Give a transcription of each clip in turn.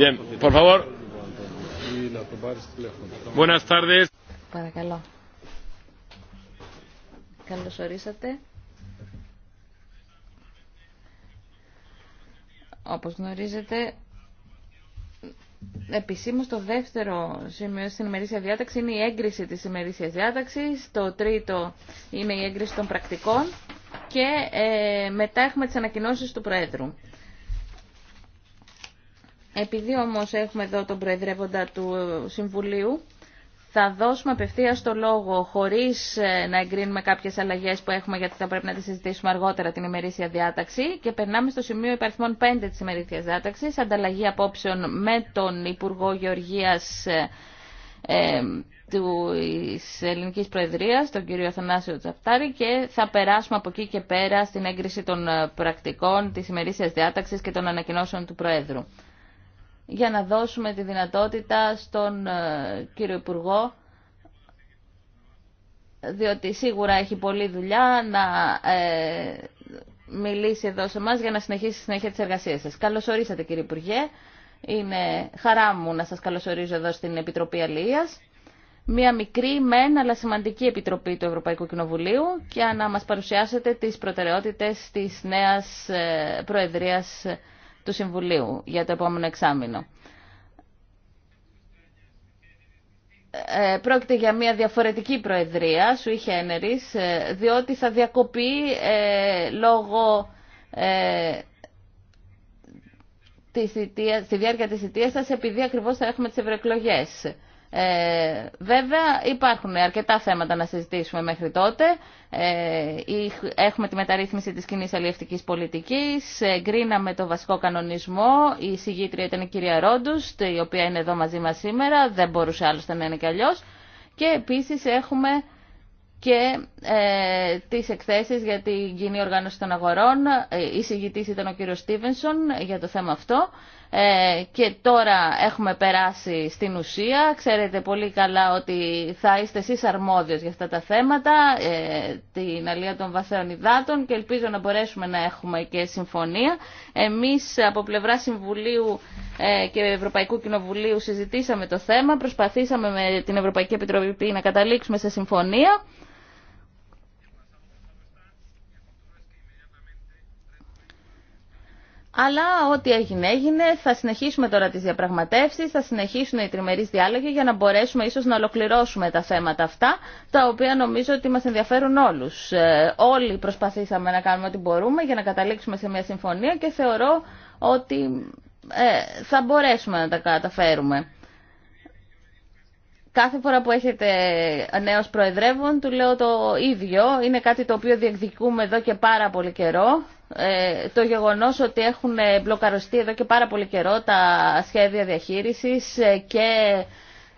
Bien, por favor. Παρακαλώ. Καλώς ορίσατε. Όπως γνωρίζετε, επισήμως το δεύτερο σημείο στην ημερήσια διάταξη είναι η έγκριση της ημερήσιας διάταξης. Το τρίτο είναι η έγκριση των πρακτικών. Και ε, μετά έχουμε τις ανακοινώσεις του Προέδρου. Επειδή όμως έχουμε εδώ τον Προεδρεύοντα του Συμβουλίου, θα δώσουμε απευθεία το λόγο, χωρί ε, να εγκρίνουμε κάποιε αλλαγέ που έχουμε, γιατί θα πρέπει να τι συζητήσουμε αργότερα την ημερήσια διάταξη. Και περνάμε στο σημείο υπαριθμών 5 τη ημερήσια διάταξη, ανταλλαγή απόψεων με τον Υπουργό Γεωργία ε, ε, της Ελληνικής Προεδρίας, τον κύριο Αθανάσιο Τσαφτάρη και θα περάσουμε από εκεί και πέρα στην έγκριση των πρακτικών της ημερήσιας διάταξης και των ανακοινώσεων του Προέδρου για να δώσουμε τη δυνατότητα στον ε, κύριο Υπουργό διότι σίγουρα έχει πολλή δουλειά να ε, μιλήσει εδώ σε εμά για να συνεχίσει στη συνέχεια τις εργασίες σας. Καλώς ορίσατε, κύριε Υπουργέ. Είναι χαρά μου να σας καλωσορίζω εδώ στην Επιτροπή αλληλία, Μία μικρή, μεν, αλλά σημαντική επιτροπή του Ευρωπαϊκού Κοινοβουλίου για να μας παρουσιάσετε τις προτεραιότητες της νέας ε, Προεδρίας του Συμβουλίου για το επόμενο εξάμεινο. Ε, πρόκειται για μια διαφορετική προεδρία, σου είχε ένερης, ε, διότι θα διακοπεί ε, λόγω ε, της θητείας, στη διάρκεια της θητείας σας, επειδή ακριβώς θα έχουμε τις ευρωεκλογές. Ε, βέβαια υπάρχουν αρκετά θέματα να συζητήσουμε μέχρι τότε. Ε, έχουμε τη μεταρρύθμιση της κοινή αλληλευτικής πολιτικής, εγκρίναμε το βασικό κανονισμό, η συγγήτρια ήταν η κυρία Ρόντους, η οποία είναι εδώ μαζί μας σήμερα, δεν μπορούσε άλλωστε να είναι και αλλιώς. Και επίσης έχουμε και ε, τις εκθέσεις για την κοινή οργάνωση των αγορών. Ε, η συγγητής ήταν ο κύριος Στίβενσον για το θέμα αυτό. Ε, και τώρα έχουμε περάσει στην ουσία. Ξέρετε πολύ καλά ότι θα είστε εσείς αρμόδιος για αυτά τα θέματα, ε, την αλία των βαθέων υδάτων και ελπίζω να μπορέσουμε να έχουμε και συμφωνία. Εμείς από πλευρά Συμβουλίου ε, και Ευρωπαϊκού Κοινοβουλίου συζητήσαμε το θέμα, προσπαθήσαμε με την Ευρωπαϊκή Επιτροπή να καταλήξουμε σε συμφωνία. Αλλά ό,τι έγινε έγινε, θα συνεχίσουμε τώρα τις διαπραγματεύσεις, θα συνεχίσουν οι τριμερείς διάλογοι για να μπορέσουμε ίσως να ολοκληρώσουμε τα θέματα αυτά, τα οποία νομίζω ότι μας ενδιαφέρουν όλους. Ε, όλοι προσπαθήσαμε να κάνουμε ό,τι μπορούμε για να καταλήξουμε σε μια συμφωνία και θεωρώ ότι ε, θα μπορέσουμε να τα καταφέρουμε. Κάθε φορά που έχετε νέος προεδρεύων του λέω το ίδιο. Είναι κάτι το οποίο διεκδικούμε εδώ και πάρα πολύ καιρό. Ε, το γεγονός ότι έχουν μπλοκαρωστεί εδώ και πάρα πολύ καιρό τα σχέδια διαχείρισης ε, και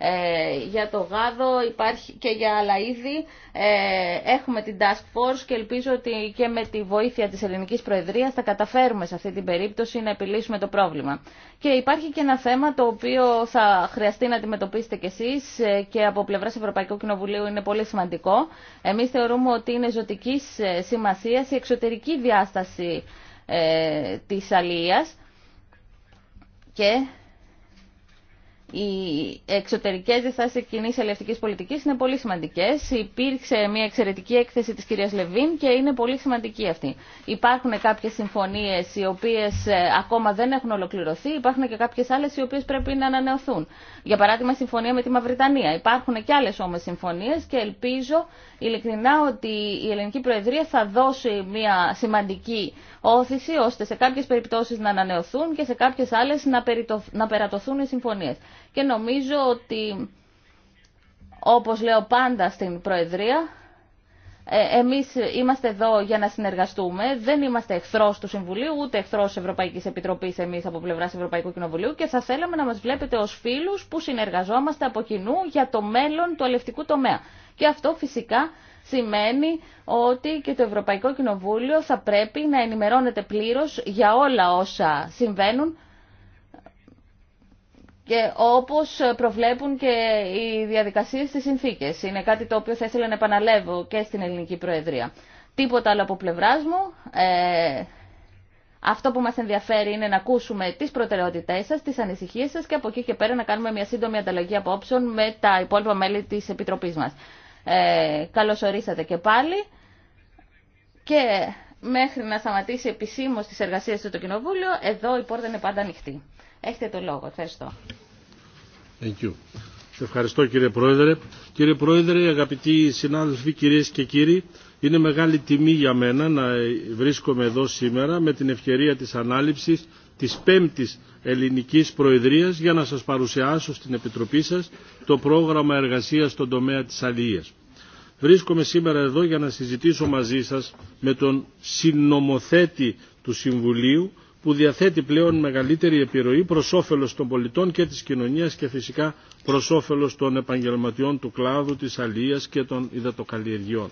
ε, για το γάδο υπάρχει και για άλλα είδη. Ε, έχουμε την Task Force και ελπίζω ότι και με τη βοήθεια της Ελληνικής Προεδρίας θα καταφέρουμε σε αυτή την περίπτωση να επιλύσουμε το πρόβλημα. Και υπάρχει και ένα θέμα το οποίο θα χρειαστεί να αντιμετωπίσετε κι εσείς ε, και από πλευράς Ευρωπαϊκού Κοινοβουλίου είναι πολύ σημαντικό. Εμείς θεωρούμε ότι είναι ζωτικής σημασίας η εξωτερική διάσταση ε, της και οι εξωτερικές διαστάσεις κοινή ελευθερική πολιτική πολιτικής είναι πολύ σημαντικές. Υπήρξε μια εξαιρετική έκθεση της κυρίας Λεβίν και είναι πολύ σημαντική αυτή. Υπάρχουν κάποιες συμφωνίες οι οποίες ε, ακόμα δεν έχουν ολοκληρωθεί, υπάρχουν και κάποιες άλλες οι οποίες πρέπει να ανανεωθούν. Για παράδειγμα, συμφωνία με τη Μαυριτανία. Υπάρχουν και άλλες όμως συμφωνίες και ελπίζω ειλικρινά ότι η Ελληνική Προεδρία θα δώσει μια σημαντική όθηση ώστε σε κάποιες περιπτώσεις να ανανεωθούν και σε κάποιες άλλες να, να περατωθούν οι συμφωνίες. Και νομίζω ότι, όπως λέω πάντα στην Προεδρία, ε, εμείς είμαστε εδώ για να συνεργαστούμε, δεν είμαστε εχθρός του Συμβουλίου, ούτε εχθρός της Ευρωπαϊκής Επιτροπής εμείς από πλευράς Ευρωπαϊκού Κοινοβουλίου και θα θέλαμε να μας βλέπετε ως φίλους που συνεργαζόμαστε από κοινού για το μέλλον του αλευτικού τομέα. Και αυτό φυσικά σημαίνει ότι και το Ευρωπαϊκό Κοινοβούλιο θα πρέπει να ενημερώνεται πλήρως για όλα όσα συμβαίνουν και όπως προβλέπουν και οι διαδικασίες στις συνθήκες. Είναι κάτι το οποίο θα ήθελα να επαναλέβω και στην Ελληνική Προεδρία. Τίποτα άλλο από πλευρά μου. Ε, αυτό που μας ενδιαφέρει είναι να ακούσουμε τις προτεραιότητές σας, τις ανησυχίες σας και από εκεί και πέρα να κάνουμε μια σύντομη ανταλλαγή απόψεων με τα υπόλοιπα μέλη της Επιτροπής μας. Ε, καλώς ορίσατε και πάλι. Και μέχρι να σταματήσει επισήμω τις εργασίες του το Κοινοβούλιο, εδώ η πόρτα είναι πάντα ανοιχτή. Έχετε το λόγο. Ευχαριστώ. Thank you. ευχαριστώ κύριε Πρόεδρε. Κύριε Πρόεδρε, αγαπητοί συνάδελφοι, κυρίες και κύριοι, είναι μεγάλη τιμή για μένα να βρίσκομαι εδώ σήμερα με την ευκαιρία της ανάληψης της πέμπτης ελληνικής προεδρίας για να σας παρουσιάσω στην Επιτροπή σας το πρόγραμμα εργασίας στον τομέα της αλληλείας. Βρίσκομαι σήμερα εδώ για να συζητήσω μαζί σας με τον συνομοθέτη του Συμβουλίου που διαθέτει πλέον μεγαλύτερη επιρροή προς όφελος των πολιτών και της κοινωνίας και φυσικά προς όφελος των επαγγελματιών του κλάδου, της αλληλείας και των υδατοκαλλιεργιών.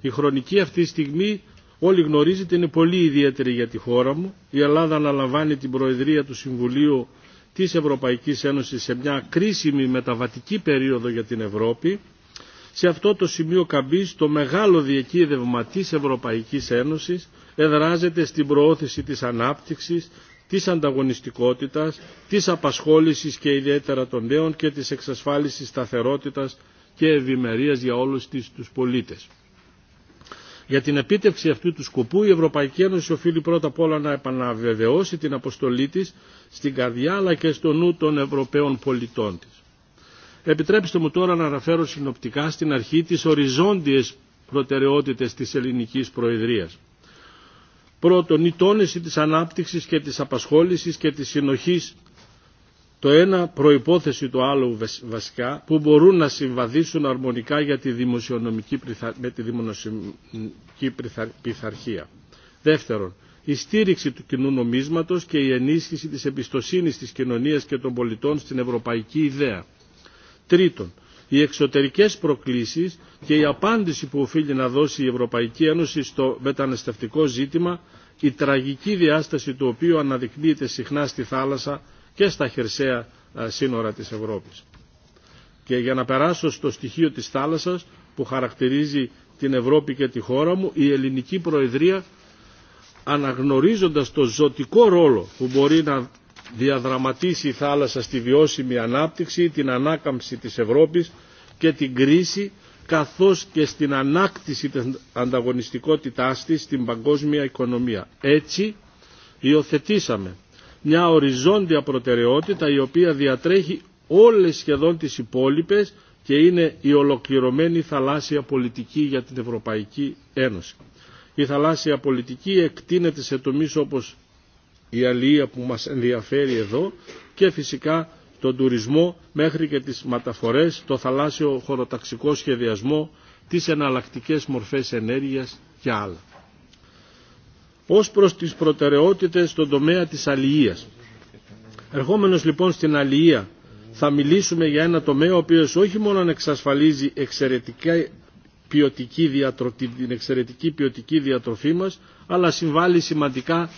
Η χρονική αυτή στιγμή Όλοι γνωρίζετε, είναι πολύ ιδιαίτερη για τη χώρα μου. Η Ελλάδα αναλαμβάνει την Προεδρία του Συμβουλίου της Ευρωπαϊκής Ένωσης σε μια κρίσιμη μεταβατική περίοδο για την Ευρώπη. Σε αυτό το σημείο καμπής το μεγάλο διεκείδευμα της Ευρωπαϊκής Ένωσης εδράζεται στην προώθηση της ανάπτυξης, της ανταγωνιστικότητας, της απασχόλησης και ιδιαίτερα των νέων και της εξασφάλιση σταθερότητας και ευημερίας για όλους τους πολίτες. Για την επίτευξη αυτού του σκοπού η Ευρωπαϊκή Ένωση οφείλει πρώτα απ' όλα να επαναβεβαιώσει την αποστολή της στην καρδιά αλλά και στο νου των Ευρωπαίων πολιτών της. Επιτρέψτε μου τώρα να αναφέρω συνοπτικά στην αρχή τις οριζόντιες προτεραιότητες της ελληνικής προεδρίας. Πρώτον, η τόνιση της ανάπτυξης και της απασχόλησης και της συνοχής το ένα προϋπόθεση του άλλου βασικά που μπορούν να συμβαδίσουν αρμονικά για τη δημοσιονομική με τη δημοσιονομική πειθαρχία. Δεύτερον, η στήριξη του κοινού νομίσματος και η ενίσχυση της εμπιστοσύνης της κοινωνίας και των πολιτών στην ευρωπαϊκή ιδέα. Τρίτον, οι εξωτερικές προκλήσεις και η απάντηση που οφείλει να δώσει η Ευρωπαϊκή Ένωση στο μεταναστευτικό ζήτημα, η τραγική διάσταση του οποίου αναδεικνύεται συχνά στη θάλασσα και στα χερσαία σύνορα της Ευρώπης. Και για να περάσω στο στοιχείο της θάλασσας που χαρακτηρίζει την Ευρώπη και τη χώρα μου, η ελληνική προεδρία αναγνωρίζοντας το ζωτικό ρόλο που μπορεί να διαδραματίσει η θάλασσα στη βιώσιμη ανάπτυξη, την ανάκαμψη της Ευρώπης και την κρίση καθώς και στην ανάκτηση της ανταγωνιστικότητάς της στην παγκόσμια οικονομία. Έτσι, υιοθετήσαμε μια οριζόντια προτεραιότητα η οποία διατρέχει όλες σχεδόν τις υπόλοιπες και είναι η ολοκληρωμένη θαλάσσια πολιτική για την Ευρωπαϊκή Ένωση. Η θαλάσσια πολιτική εκτείνεται σε τομείς όπως η αλληλεία που μας ενδιαφέρει εδώ και φυσικά τον τουρισμό μέχρι και τις μεταφορές, το θαλάσσιο χωροταξικό σχεδιασμό, τις εναλλακτικές μορφές ενέργειας και άλλα ως προς τις προτεραιότητες στον τομέα της αλληλείας. Ερχόμενος λοιπόν στην αλληλεία θα μιλήσουμε για ένα τομέα ο οποίος όχι μόνο εξασφαλίζει εξαιρετικά ποιοτική διατρο... την εξαιρετική ποιοτική διατροφή μας αλλά συμβάλλει σημαντικά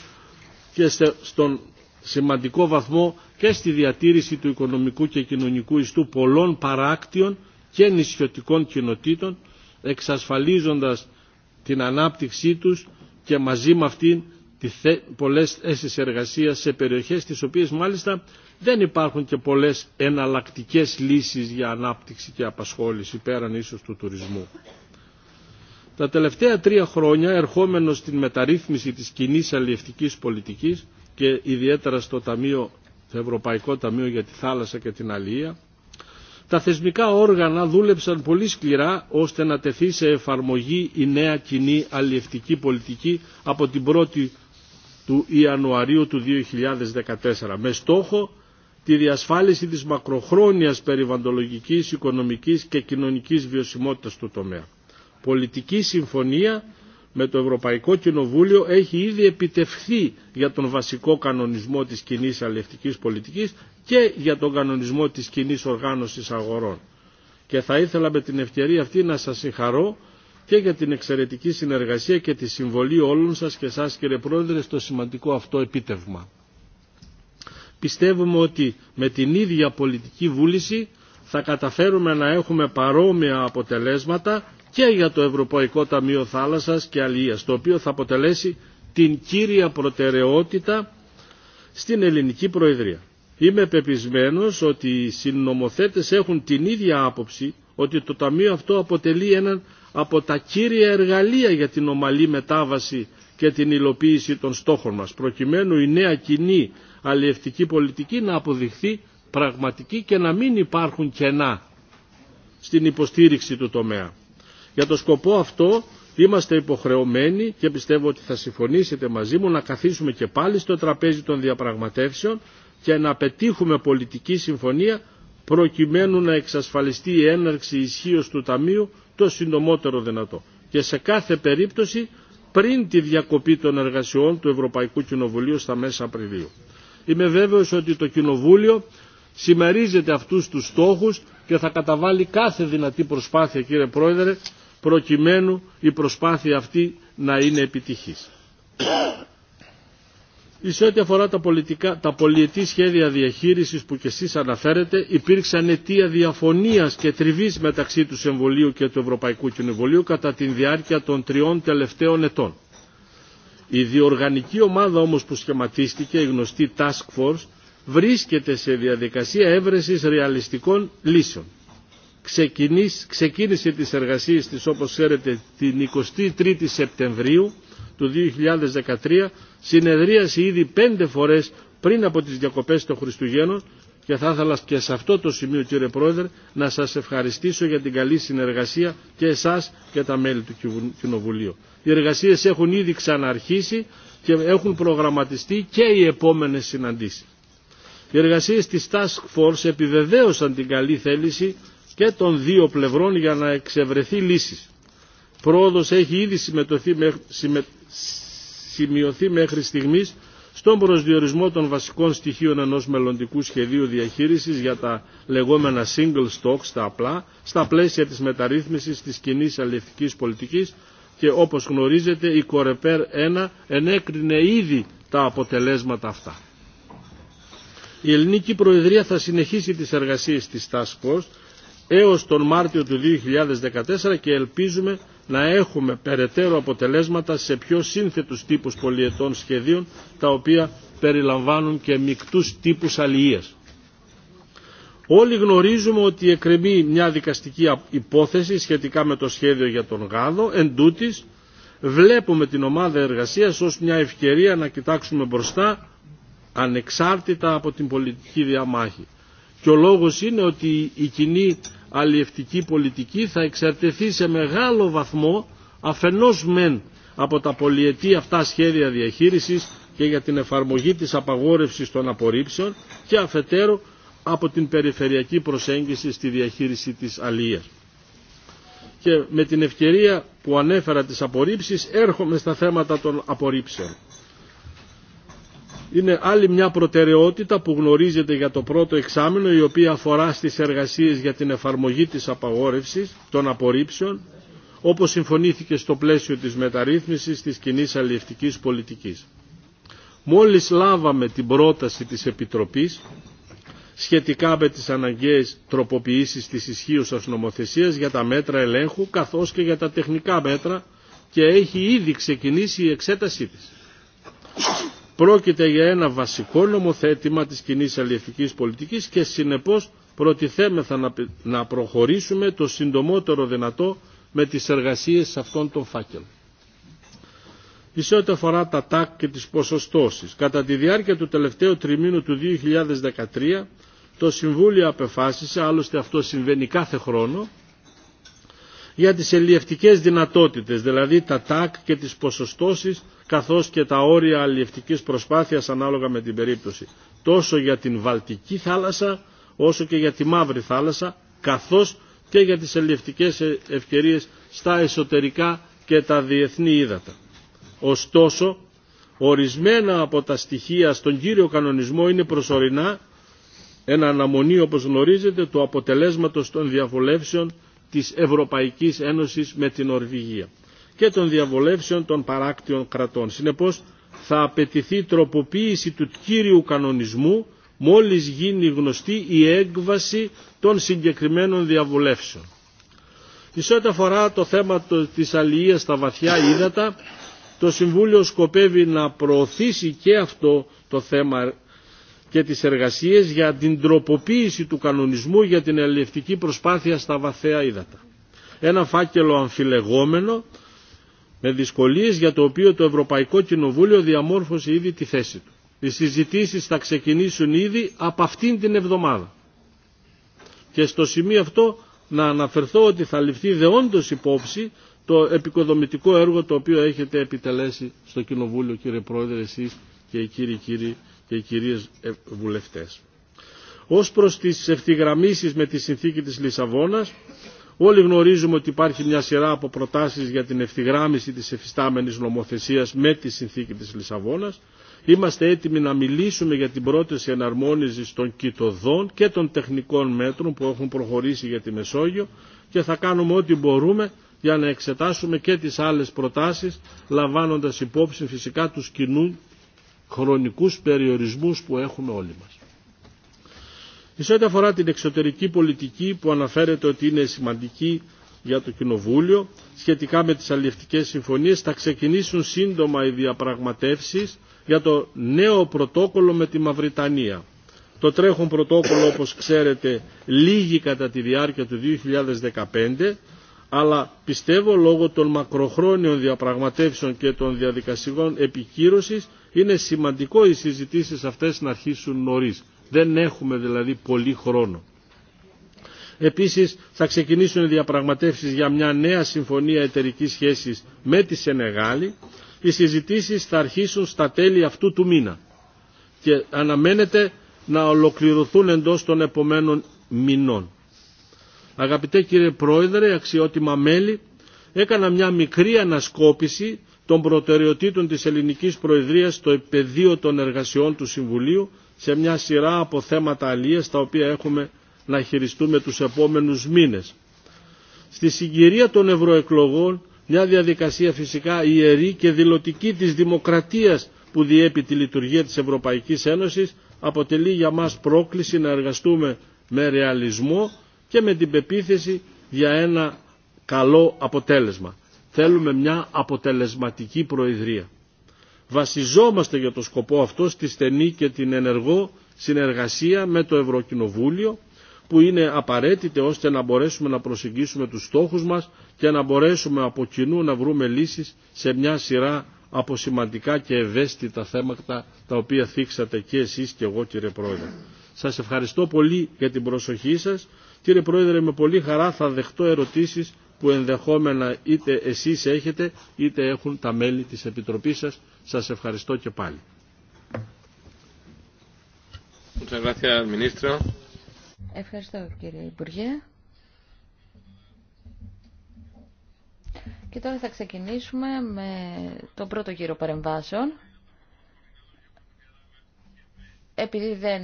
και στον σημαντικό βαθμό και στη διατήρηση του οικονομικού και κοινωνικού ιστού πολλών παράκτιων και νησιωτικών κοινοτήτων εξασφαλίζοντας την ανάπτυξή τους και μαζί με αυτήν πολλές θέσεις εργασίας σε περιοχές τις οποίες μάλιστα δεν υπάρχουν και πολλές εναλλακτικές λύσεις για ανάπτυξη και απασχόληση πέραν ίσως του τουρισμού. Τα τελευταία τρία χρόνια ερχόμενος στην μεταρρύθμιση της κοινή αλλιευτικής πολιτικής και ιδιαίτερα στο, ταμείο, Ευρωπαϊκό Ταμείο για τη Θάλασσα και την Αλληλεία τα θεσμικά όργανα δούλεψαν πολύ σκληρά ώστε να τεθεί σε εφαρμογή η νέα κοινή αλλιευτική πολιτική από την 1η του Ιανουαρίου του 2014 με στόχο τη διασφάλιση της μακροχρόνιας περιβαντολογικής, οικονομικής και κοινωνικής βιωσιμότητας του τομέα. Πολιτική συμφωνία με το Ευρωπαϊκό Κοινοβούλιο έχει ήδη επιτευχθεί για τον βασικό κανονισμό της κοινή αλληλευτικής πολιτικής και για τον κανονισμό της κοινή οργάνωσης αγορών. Και θα ήθελα με την ευκαιρία αυτή να σας συγχαρώ και για την εξαιρετική συνεργασία και τη συμβολή όλων σας και σας κύριε Πρόεδρε στο σημαντικό αυτό επίτευγμα. Πιστεύουμε ότι με την ίδια πολιτική βούληση θα καταφέρουμε να έχουμε παρόμοια αποτελέσματα και για το Ευρωπαϊκό Ταμείο Θάλασσας και Αλίας, το οποίο θα αποτελέσει την κύρια προτεραιότητα στην ελληνική Προεδρία. Είμαι πεπισμένος ότι οι συνομοθέτες έχουν την ίδια άποψη ότι το Ταμείο αυτό αποτελεί έναν από τα κύρια εργαλεία για την ομαλή μετάβαση και την υλοποίηση των στόχων μας, προκειμένου η νέα κοινή αλλιευτική πολιτική να αποδειχθεί πραγματική και να μην υπάρχουν κενά στην υποστήριξη του τομέα. Για το σκοπό αυτό είμαστε υποχρεωμένοι και πιστεύω ότι θα συμφωνήσετε μαζί μου να καθίσουμε και πάλι στο τραπέζι των διαπραγματεύσεων και να πετύχουμε πολιτική συμφωνία προκειμένου να εξασφαλιστεί η έναρξη ισχύω του Ταμείου το συντομότερο δυνατό. Και σε κάθε περίπτωση πριν τη διακοπή των εργασιών του Ευρωπαϊκού Κοινοβουλίου στα μέσα Απριλίου. Είμαι βέβαιος ότι το Κοινοβούλιο συμμερίζεται αυτούς τους στόχους και θα καταβάλει κάθε δυνατή προσπάθεια κύριε Πρόεδρε προκειμένου η προσπάθεια αυτή να είναι επιτυχής σε ό,τι αφορά τα, πολιτικά, τα πολιετή σχέδια διαχείρισης που και εσείς αναφέρετε, υπήρξαν αιτία διαφωνίας και τριβής μεταξύ του Συμβουλίου και του Ευρωπαϊκού Κοινοβουλίου κατά τη διάρκεια των τριών τελευταίων ετών. Η διοργανική ομάδα όμως που σχηματίστηκε, η γνωστή Task Force, βρίσκεται σε διαδικασία έβρεσης ρεαλιστικών λύσεων. Ξεκίνησε τις εργασίες της, όπως ξέρετε, την 23η Σεπτεμβρίου του 2013 συνεδρίασε ήδη πέντε φορές πριν από τις διακοπές των Χριστουγέννων και θα ήθελα και σε αυτό το σημείο κύριε Πρόεδρε να σας ευχαριστήσω για την καλή συνεργασία και εσάς και τα μέλη του Κοινοβουλίου. Οι εργασίες έχουν ήδη ξαναρχίσει και έχουν προγραμματιστεί και οι επόμενες συναντήσεις. Οι εργασίες της Task Force επιβεβαίωσαν την καλή θέληση και των δύο πλευρών για να εξευρεθεί λύσεις. Πρόοδος έχει ήδη συμμε, σημειωθεί μέχρι στιγμής στον προσδιορισμό των βασικών στοιχείων ενός μελλοντικού σχεδίου διαχείρισης για τα λεγόμενα single stocks, τα απλά, στα πλαίσια της μεταρρύθμισης της κοινή αλληλευτικής πολιτικής και όπως γνωρίζετε η Κορεπέρ 1 ενέκρινε ήδη τα αποτελέσματα αυτά. Η Ελληνική Προεδρία θα συνεχίσει τις εργασίες της Task Force έως τον Μάρτιο του 2014 και ελπίζουμε να έχουμε περαιτέρω αποτελέσματα σε πιο σύνθετους τύπους πολιετών σχεδίων τα οποία περιλαμβάνουν και μικτούς τύπους αλληλείας. Όλοι γνωρίζουμε ότι εκκρεμεί μια δικαστική υπόθεση σχετικά με το σχέδιο για τον Γάδο, εν τούτης, βλέπουμε την ομάδα εργασίας ως μια ευκαιρία να κοιτάξουμε μπροστά ανεξάρτητα από την πολιτική διαμάχη. Και ο λόγος είναι ότι η κοινή αλλιευτική πολιτική θα εξαρτηθεί σε μεγάλο βαθμό αφενός μεν από τα πολιετή αυτά σχέδια διαχείρισης και για την εφαρμογή της απαγόρευσης των απορρίψεων και αφετέρου από την περιφερειακή προσέγγιση στη διαχείριση της αλίας. Και με την ευκαιρία που ανέφερα τις απορρίψεις έρχομαι στα θέματα των απορρίψεων είναι άλλη μια προτεραιότητα που γνωρίζεται για το πρώτο εξάμεινο η οποία αφορά στις εργασίες για την εφαρμογή της απαγόρευσης των απορρίψεων όπως συμφωνήθηκε στο πλαίσιο της μεταρρύθμισης της κοινή αλληλευτικής πολιτικής. Μόλις λάβαμε την πρόταση της Επιτροπής σχετικά με τις αναγκαίες τροποποιήσεις της ισχύουσα νομοθεσίας για τα μέτρα ελέγχου καθώς και για τα τεχνικά μέτρα και έχει ήδη ξεκινήσει η εξέτασή της. Πρόκειται για ένα βασικό νομοθέτημα της κοινή αλληλευτικής πολιτικής και συνεπώς προτιθέμεθα να προχωρήσουμε το συντομότερο δυνατό με τις εργασίες αυτών των φάκελων. Σε ό,τι αφορά τα τάκ και τις ποσοστώσεις, κατά τη διάρκεια του τελευταίου τριμήνου του 2013 το Συμβούλιο απεφάσισε, άλλωστε αυτό συμβαίνει κάθε χρόνο, για τις ελιευτικές δυνατότητες, δηλαδή τα τάκ και τις ποσοστώσεις, καθώς και τα όρια αλλιευτικής προσπάθειας ανάλογα με την περίπτωση, τόσο για την Βαλτική θάλασσα, όσο και για τη Μαύρη θάλασσα, καθώς και για τις ελιευτικές ε, ευκαιρίες στα εσωτερικά και τα διεθνή ύδατα. Ωστόσο, ορισμένα από τα στοιχεία στον κύριο κανονισμό είναι προσωρινά, ένα αναμονή όπως γνωρίζετε του αποτελέσματος των διαβολεύσεων της Ευρωπαϊκής Ένωσης με την Ορβηγία και των διαβολεύσεων των παράκτιων κρατών. Συνεπώς θα απαιτηθεί τροποποίηση του κύριου κανονισμού μόλις γίνει γνωστή η έκβαση των συγκεκριμένων διαβολεύσεων. Σε ό,τι αφορά το θέμα της αλληλείας στα βαθιά ύδατα, το Συμβούλιο σκοπεύει να προωθήσει και αυτό το θέμα και τις εργασίες για την τροποποίηση του κανονισμού για την ελευθερική προσπάθεια στα βαθέα ύδατα. Ένα φάκελο αμφιλεγόμενο με δυσκολίες για το οποίο το Ευρωπαϊκό Κοινοβούλιο διαμόρφωσε ήδη τη θέση του. Οι συζητήσεις θα ξεκινήσουν ήδη από αυτήν την εβδομάδα. Και στο σημείο αυτό να αναφερθώ ότι θα ληφθεί δεόντως υπόψη το επικοδομητικό έργο το οποίο έχετε επιτελέσει στο Κοινοβούλιο κύριε Πρόεδρε εσείς και οι κύριοι κύριοι και οι κυρίες ε, βουλευτές. Ως προς τις ευθυγραμμίσεις με τη συνθήκη της Λισαβόνας, όλοι γνωρίζουμε ότι υπάρχει μια σειρά από προτάσεις για την ευθυγράμμιση της εφιστάμενης νομοθεσίας με τη συνθήκη της Λισαβόνας. Είμαστε έτοιμοι να μιλήσουμε για την πρόταση εναρμόνισης των κοιτοδών και των τεχνικών μέτρων που έχουν προχωρήσει για τη Μεσόγειο και θα κάνουμε ό,τι μπορούμε για να εξετάσουμε και τις άλλες προτάσεις λαμβάνοντας υπόψη φυσικά τους κοινού χρονικούς περιορισμούς που έχουμε όλοι μας. Σε ό,τι αφορά την εξωτερική πολιτική που αναφέρεται ότι είναι σημαντική για το Κοινοβούλιο σχετικά με τις αλληλευτικές συμφωνίες θα ξεκινήσουν σύντομα οι διαπραγματεύσεις για το νέο πρωτόκολλο με τη Μαυριτανία. Το τρέχον πρωτόκολλο όπως ξέρετε λύγει κατά τη διάρκεια του 2015 αλλά πιστεύω λόγω των μακροχρόνιων διαπραγματεύσεων και των διαδικασιών επικύρωσης είναι σημαντικό οι συζητήσεις αυτές να αρχίσουν νωρίς. Δεν έχουμε δηλαδή πολύ χρόνο. Επίσης θα ξεκινήσουν οι διαπραγματεύσεις για μια νέα συμφωνία εταιρικής σχέσης με τη Σενεγάλη. Οι συζητήσεις θα αρχίσουν στα τέλη αυτού του μήνα και αναμένεται να ολοκληρωθούν εντός των επομένων μηνών. Αγαπητέ κύριε Πρόεδρε, αξιότιμα μέλη, έκανα μια μικρή ανασκόπηση των προτεραιοτήτων της ελληνικής προεδρίας στο επαιδείο των εργασιών του Συμβουλίου σε μια σειρά από θέματα αλλίες τα οποία έχουμε να χειριστούμε τους επόμενους μήνες. Στη συγκυρία των ευρωεκλογών, μια διαδικασία φυσικά ιερή και δηλωτική της δημοκρατίας που διέπει τη λειτουργία της Ευρωπαϊκής Ένωσης αποτελεί για μας πρόκληση να εργαστούμε με ρεαλισμό και με την πεποίθηση για ένα καλό αποτέλεσμα. Θέλουμε μια αποτελεσματική προεδρία. Βασιζόμαστε για το σκοπό αυτό στη στενή και την ενεργό συνεργασία με το Ευρωκοινοβούλιο που είναι απαραίτητη ώστε να μπορέσουμε να προσεγγίσουμε τους στόχους μας και να μπορέσουμε από κοινού να βρούμε λύσεις σε μια σειρά από σημαντικά και ευαίσθητα θέματα τα οποία θίξατε και εσείς και εγώ κύριε Πρόεδρε. Σας ευχαριστώ πολύ για την προσοχή σας. Κύριε Πρόεδρε, με πολύ χαρά θα δεχτώ ερωτήσεις που ενδεχόμενα είτε εσείς έχετε είτε έχουν τα μέλη της Επιτροπής σας. Σας ευχαριστώ και πάλι. Ευχαριστώ κύριε Υπουργέ. Και τώρα θα ξεκινήσουμε με τον πρώτο γύρο παρεμβάσεων. Επειδή δεν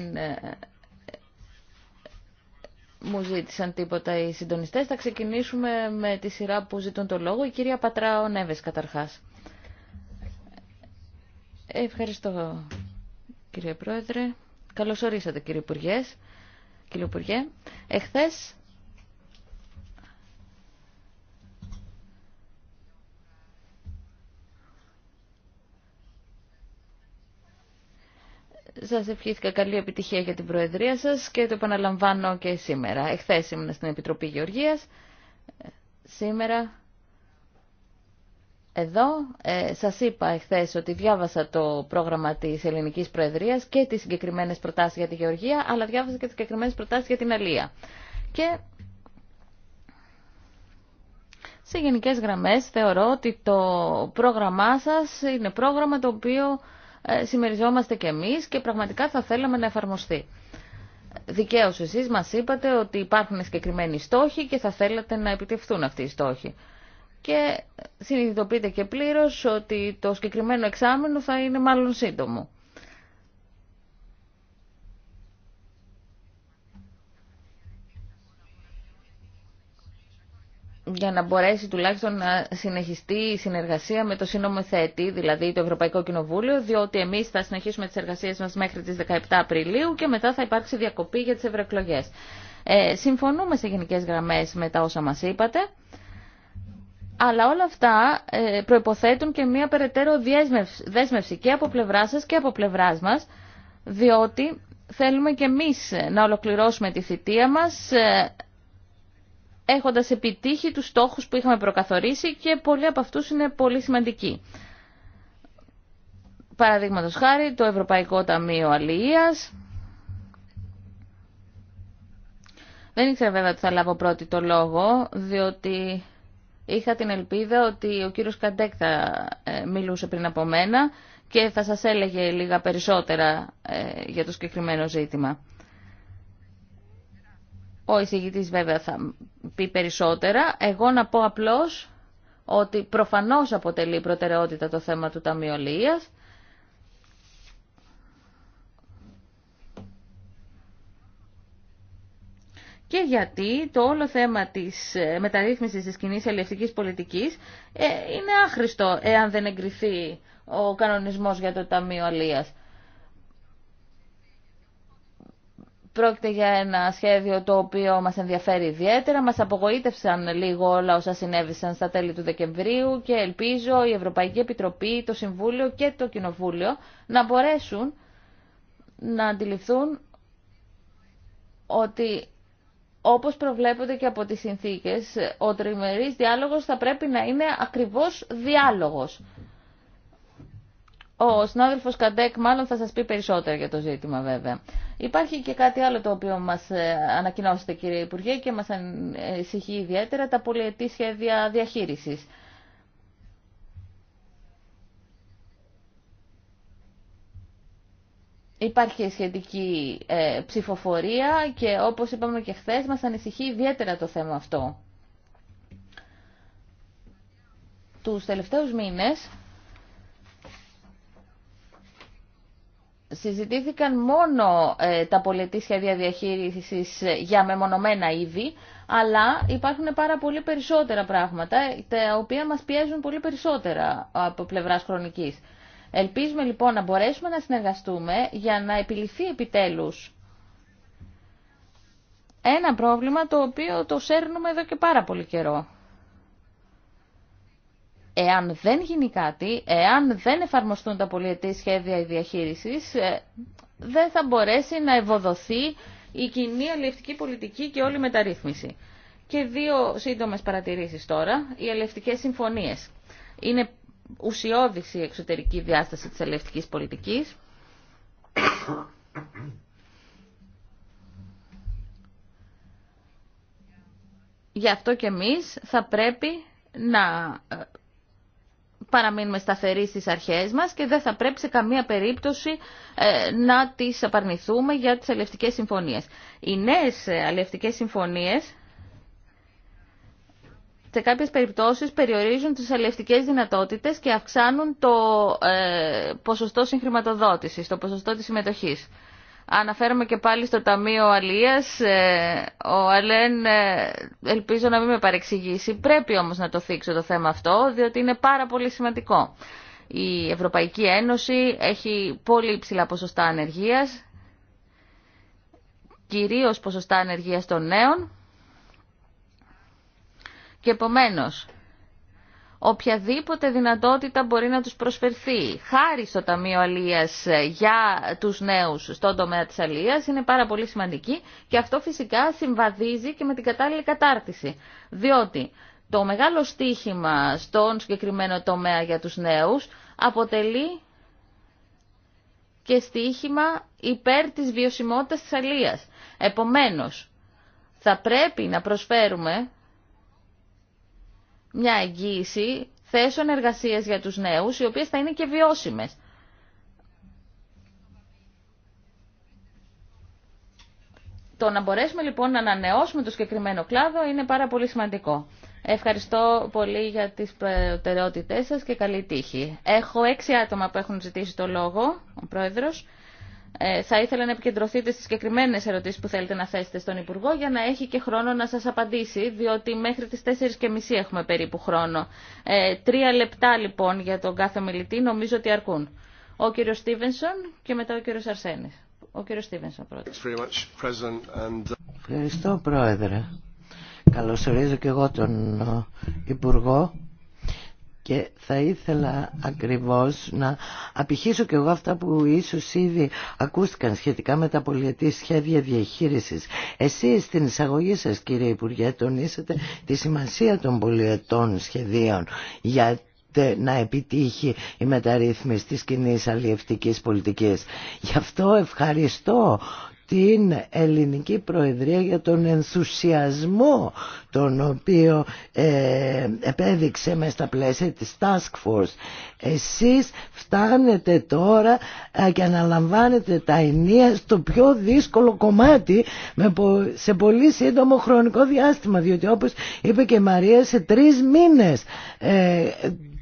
μου ζήτησαν τίποτα οι συντονιστές. Θα ξεκινήσουμε με τη σειρά που ζητούν το λόγο. Η κυρία Πατράο Νέβες καταρχάς. Ευχαριστώ κύριε Πρόεδρε. Καλώς ορίσατε κύριε Υπουργέ. Κύριε Υπουργέ, εχθές Σας ευχήθηκα καλή επιτυχία για την Προεδρία σας και το επαναλαμβάνω και σήμερα. Εχθές ήμουν στην Επιτροπή Γεωργίας, σήμερα εδώ. Ε, σας είπα εχθές ότι διάβασα το πρόγραμμα της Ελληνικής Προεδρίας και τις συγκεκριμένες προτάσεις για τη Γεωργία, αλλά διάβασα και τις συγκεκριμένες προτάσεις για την Αλία. Και σε γενικές γραμμές θεωρώ ότι το πρόγραμμά σας είναι πρόγραμμα το οποίο ε, συμμεριζόμαστε και εμείς και πραγματικά θα θέλαμε να εφαρμοστεί. Δικαίως εσείς μας είπατε ότι υπάρχουν συγκεκριμένοι στόχοι και θα θέλατε να επιτευχθούν αυτοί οι στόχοι. Και συνειδητοποιείτε και πλήρως ότι το συγκεκριμένο εξάμεινο θα είναι μάλλον σύντομο. για να μπορέσει τουλάχιστον να συνεχιστεί η συνεργασία με το Σύνομο συνομοθέτη, δηλαδή το Ευρωπαϊκό Κοινοβούλιο, διότι εμείς θα συνεχίσουμε τις εργασίες μας μέχρι τις 17 Απριλίου και μετά θα υπάρξει διακοπή για τις ευρωεκλογέ. Ε, συμφωνούμε σε γενικές γραμμές με τα όσα μας είπατε, αλλά όλα αυτά ε, προϋποθέτουν και μια περαιτέρω δέσμευση και από πλευρά σας και από πλευρά μας, διότι θέλουμε και εμείς να ολοκληρώσουμε τη θητεία μας ε, έχοντας επιτύχει τους στόχους που είχαμε προκαθορίσει και πολλοί από αυτούς είναι πολύ σημαντικοί. Παραδείγματος χάρη το Ευρωπαϊκό Ταμείο Αλληλείας. Δεν ήξερα βέβαια ότι θα λάβω πρώτη το λόγο, διότι είχα την ελπίδα ότι ο κύριος Καντέκ θα ε, μιλούσε πριν από μένα και θα σας έλεγε λίγα περισσότερα ε, για το συγκεκριμένο ζήτημα. Ο εισηγητής βέβαια θα πει περισσότερα. Εγώ να πω απλώς ότι προφανώς αποτελεί προτεραιότητα το θέμα του ταμιολίας. Και γιατί το όλο θέμα της ε, μεταρρύθμισης της κοινής αλληλευτικής πολιτικής ε, είναι άχρηστο εάν δεν εγκριθεί ο κανονισμός για το Ταμείο Πρόκειται για ένα σχέδιο το οποίο μας ενδιαφέρει ιδιαίτερα. Μας απογοήτευσαν λίγο όλα όσα συνέβησαν στα τέλη του Δεκεμβρίου και ελπίζω η Ευρωπαϊκή Επιτροπή, το Συμβούλιο και το Κοινοβούλιο να μπορέσουν να αντιληφθούν ότι όπως προβλέπονται και από τις συνθήκες, ο τριμερής διάλογος θα πρέπει να είναι ακριβώς διάλογος. Ο συνάδελφος Καντέκ μάλλον θα σας πει περισσότερα για το ζήτημα βέβαια. Υπάρχει και κάτι άλλο το οποίο μας ε, ανακοινώσετε κύριε Υπουργέ και μας ανησυχεί ιδιαίτερα τα πολυετή σχέδια διαχείρισης. Υπάρχει σχετική ε, ψηφοφορία και όπως είπαμε και χθες μας ανησυχεί ιδιαίτερα το θέμα αυτό. Τους τελευταίους μήνες συζητήθηκαν μόνο ε, τα πολιτή σχέδια διαχείρισης ε, για μεμονωμένα είδη, αλλά υπάρχουν πάρα πολύ περισσότερα πράγματα, ε, τα οποία μας πιέζουν πολύ περισσότερα από πλευράς χρονικής. Ελπίζουμε λοιπόν να μπορέσουμε να συνεργαστούμε για να επιληθεί επιτέλους ένα πρόβλημα το οποίο το σέρνουμε εδώ και πάρα πολύ καιρό. Εάν δεν γίνει κάτι, εάν δεν εφαρμοστούν τα πολιετή σχέδια διαχείρισης, ε, δεν θα μπορέσει να ευοδοθεί η κοινή αλληλευτική πολιτική και όλη η μεταρρύθμιση. Και δύο σύντομες παρατηρήσεις τώρα. Οι αλληλευτικές συμφωνίες. Είναι ουσιώδης η εξωτερική διάσταση της αλληλευτικής πολιτικής. Γι' αυτό και εμείς θα πρέπει να ε, παραμείνουμε σταθεροί στις αρχές μας και δεν θα πρέπει σε καμία περίπτωση ε, να τις απαρνηθούμε για τις αλληλευτικές συμφωνίες. Οι νέες ε, αλληλευτικές συμφωνίες σε κάποιες περιπτώσεις περιορίζουν τις αλληλευτικές δυνατότητες και αυξάνουν το ε, ποσοστό συγχρηματοδότησης, το ποσοστό της συμμετοχής. Αναφέρομαι και πάλι στο Ταμείο Αλίας. Ε, ο Αλέν ε, ελπίζω να μην με παρεξηγήσει. Πρέπει όμως να το θίξω το θέμα αυτό, διότι είναι πάρα πολύ σημαντικό. Η Ευρωπαϊκή Ένωση έχει πολύ υψηλά ποσοστά ανεργίας, κυρίως ποσοστά ανεργίας των νέων και επομένως οποιαδήποτε δυνατότητα μπορεί να τους προσφερθεί. Χάρη στο Ταμείο Αλίας ε, για τους νέους στον τομέα της Αλίας είναι πάρα πολύ σημαντική και αυτό φυσικά συμβαδίζει και με την κατάλληλη κατάρτιση. Διότι το μεγάλο στίχημα στον συγκεκριμένο τομέα για τους νέους αποτελεί και στίχημα υπέρ της βιωσιμότητας της αλίας. Επομένως, θα πρέπει να προσφέρουμε μια εγγύηση θέσεων εργασία για τους νέους, οι οποίες θα είναι και βιώσιμες. Το να μπορέσουμε λοιπόν να ανανεώσουμε το συγκεκριμένο κλάδο είναι πάρα πολύ σημαντικό. Ευχαριστώ πολύ για τις προτεραιότητές σας και καλή τύχη. Έχω έξι άτομα που έχουν ζητήσει το λόγο, ο Πρόεδρος. Ε, θα ήθελα να επικεντρωθείτε στις συγκεκριμένε ερωτήσεις που θέλετε να θέσετε στον Υπουργό για να έχει και χρόνο να σας απαντήσει, διότι μέχρι τις 4.30 έχουμε περίπου χρόνο. Ε, τρία λεπτά λοιπόν για τον κάθε μιλητή νομίζω ότι αρκούν. Ο κύριος Στίβενσον και μετά ο κύριος Αρσένης. Ο κύριος Στίβενσον πρώτα. Uh, Ευχαριστώ Πρόεδρε. Καλωσορίζω και εγώ τον ε, Υπουργό και θα ήθελα ακριβώς να απηχήσω και εγώ αυτά που ίσως ήδη ακούστηκαν σχετικά με τα πολιετή σχέδια διαχείρισης. Εσείς στην εισαγωγή σας κύριε Υπουργέ τονίσατε τη σημασία των πολιετών σχεδίων για να επιτύχει η μεταρρύθμιση της κοινή αλλιευτικής πολιτικής. Γι' αυτό ευχαριστώ την ελληνική προεδρία για τον ενθουσιασμό τον οποίο ε, επέδειξε με στα πλαίσια της Task Force. Εσείς φτάνετε τώρα ε, και αναλαμβάνετε τα ενία στο πιο δύσκολο κομμάτι με, σε πολύ σύντομο χρονικό διάστημα διότι όπως είπε και η Μαρία σε τρεις μήνες ε,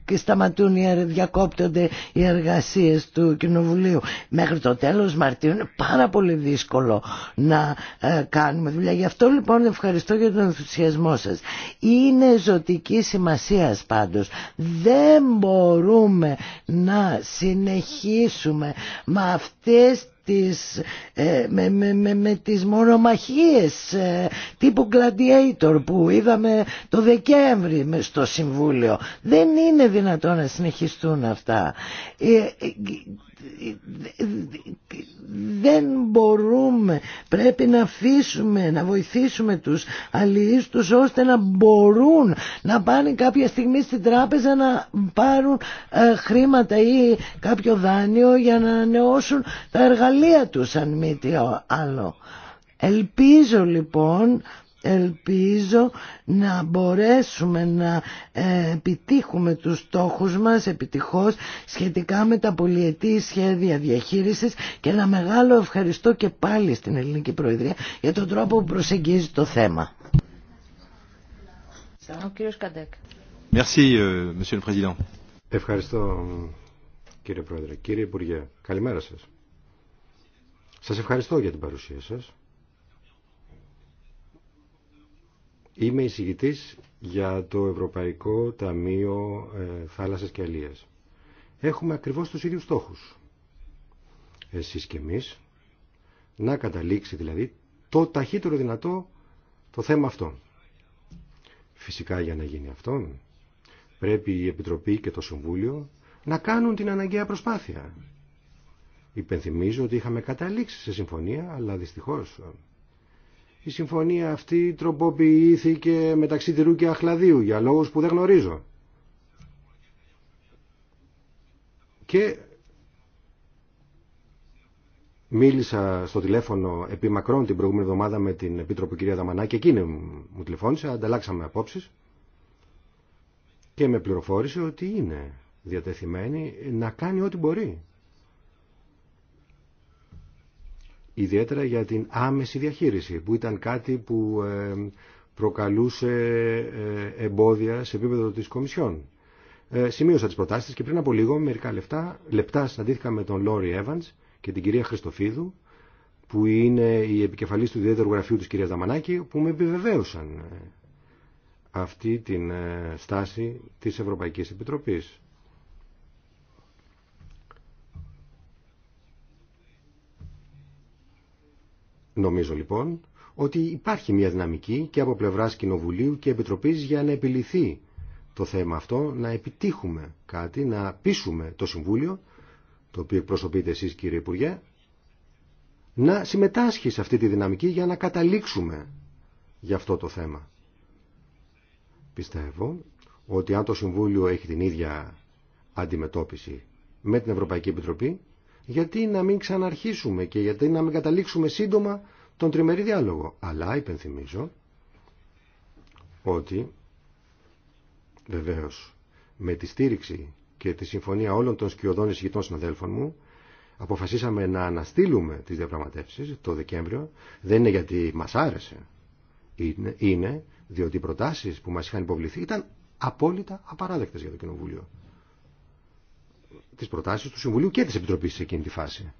και σταματούν, οι διακόπτονται οι εργασίες του Κοινοβουλίου. Μέχρι το τέλος Μαρτίου είναι πάρα πολύ δύσκολο να ε, κάνουμε δουλειά. Γι' αυτό λοιπόν ευχαριστώ για τον ενθουσιασμό σας. Είναι ζωτική σημασία πάντως. Δεν μπορούμε να συνεχίσουμε με αυτές τις, ε, με, με, με, τις μονομαχίες ε, τύπου Gladiator που είδαμε το Δεκέμβρη στο Συμβούλιο. Δεν είναι δυνατόν να συνεχιστούν αυτά. Ε, δεν μπορούμε πρέπει να αφήσουμε να βοηθήσουμε τους αλληλείς τους ώστε να μπορούν να πάνε κάποια στιγμή στην τράπεζα να πάρουν ε, χρήματα ή κάποιο δάνειο για να ανανεώσουν τα εργαλεία τους αν μη τι άλλο ελπίζω λοιπόν ελπίζω να μπορέσουμε να ε, επιτύχουμε τους στόχους μας επιτυχώς σχετικά με τα πολυετή σχέδια διαχείρισης και ένα μεγάλο ευχαριστώ και πάλι στην Ελληνική Προεδρία για τον τρόπο που προσεγγίζει το θέμα. Euh, ευχαριστώ κύριε Πρόεδρε. Κύριε Υπουργέ, καλημέρα σας. Σας ευχαριστώ για την παρουσία σας. Είμαι εισηγητή για το Ευρωπαϊκό Ταμείο ε, Θάλασσα και Αλία. Έχουμε ακριβώς τους ίδιους στόχους. Εσείς και εμείς. Να καταλήξει δηλαδή το ταχύτερο δυνατό το θέμα αυτό. Φυσικά για να γίνει αυτό πρέπει η Επιτροπή και το Συμβούλιο να κάνουν την αναγκαία προσπάθεια. Υπενθυμίζω ότι είχαμε καταλήξει σε συμφωνία, αλλά δυστυχώς η συμφωνία αυτή τροποποιήθηκε μεταξύ Τυρού και Αχλαδίου για λόγους που δεν γνωρίζω. Και μίλησα στο τηλέφωνο επί μακρόν την προηγούμενη εβδομάδα με την Επίτροπο κυρία Δαμανά και εκείνη μου τηλεφώνησε, ανταλλάξαμε απόψεις και με πληροφόρησε ότι είναι διατεθειμένη να κάνει ό,τι μπορεί ιδιαίτερα για την άμεση διαχείριση που ήταν κάτι που ε, προκαλούσε ε, εμπόδια σε επίπεδο της Κομισιόν. Ε, σημείωσα τις προτάσεις και πριν από λίγο μερικά λεπτά, λεπτά συναντήθηκα με τον Λόρι Evans και την κυρία Χριστοφίδου που είναι η επικεφαλής του ιδιαίτερου γραφείου της κυρίας Δαμανάκη που με επιβεβαίωσαν αυτή την στάση της Ευρωπαϊκής Επιτροπής. Νομίζω λοιπόν ότι υπάρχει μια δυναμική και από πλευράς Κοινοβουλίου και Επιτροπής για να επιληθεί το θέμα αυτό, να επιτύχουμε κάτι, να πείσουμε το Συμβούλιο, το οποίο εκπροσωπείτε εσείς κύριε Υπουργέ, να συμμετάσχει σε αυτή τη δυναμική για να καταλήξουμε για αυτό το θέμα. Πιστεύω ότι αν το Συμβούλιο έχει την ίδια αντιμετώπιση με την Ευρωπαϊκή Επιτροπή, γιατί να μην ξαναρχίσουμε και γιατί να μην καταλήξουμε σύντομα τον τριμερή διάλογο. Αλλά υπενθυμίζω ότι βεβαίως με τη στήριξη και τη συμφωνία όλων των σκιωδών εισηγητών συναδέλφων μου αποφασίσαμε να αναστείλουμε τις διαπραγματεύσεις το Δεκέμβριο. Δεν είναι γιατί μας άρεσε. Είναι, είναι διότι οι προτάσεις που μας είχαν υποβληθεί ήταν απόλυτα απαράδεκτες για το Κοινοβούλιο τις προτάσει του Συμβουλίου και τη Επιτροπή σε εκείνη τη φάση.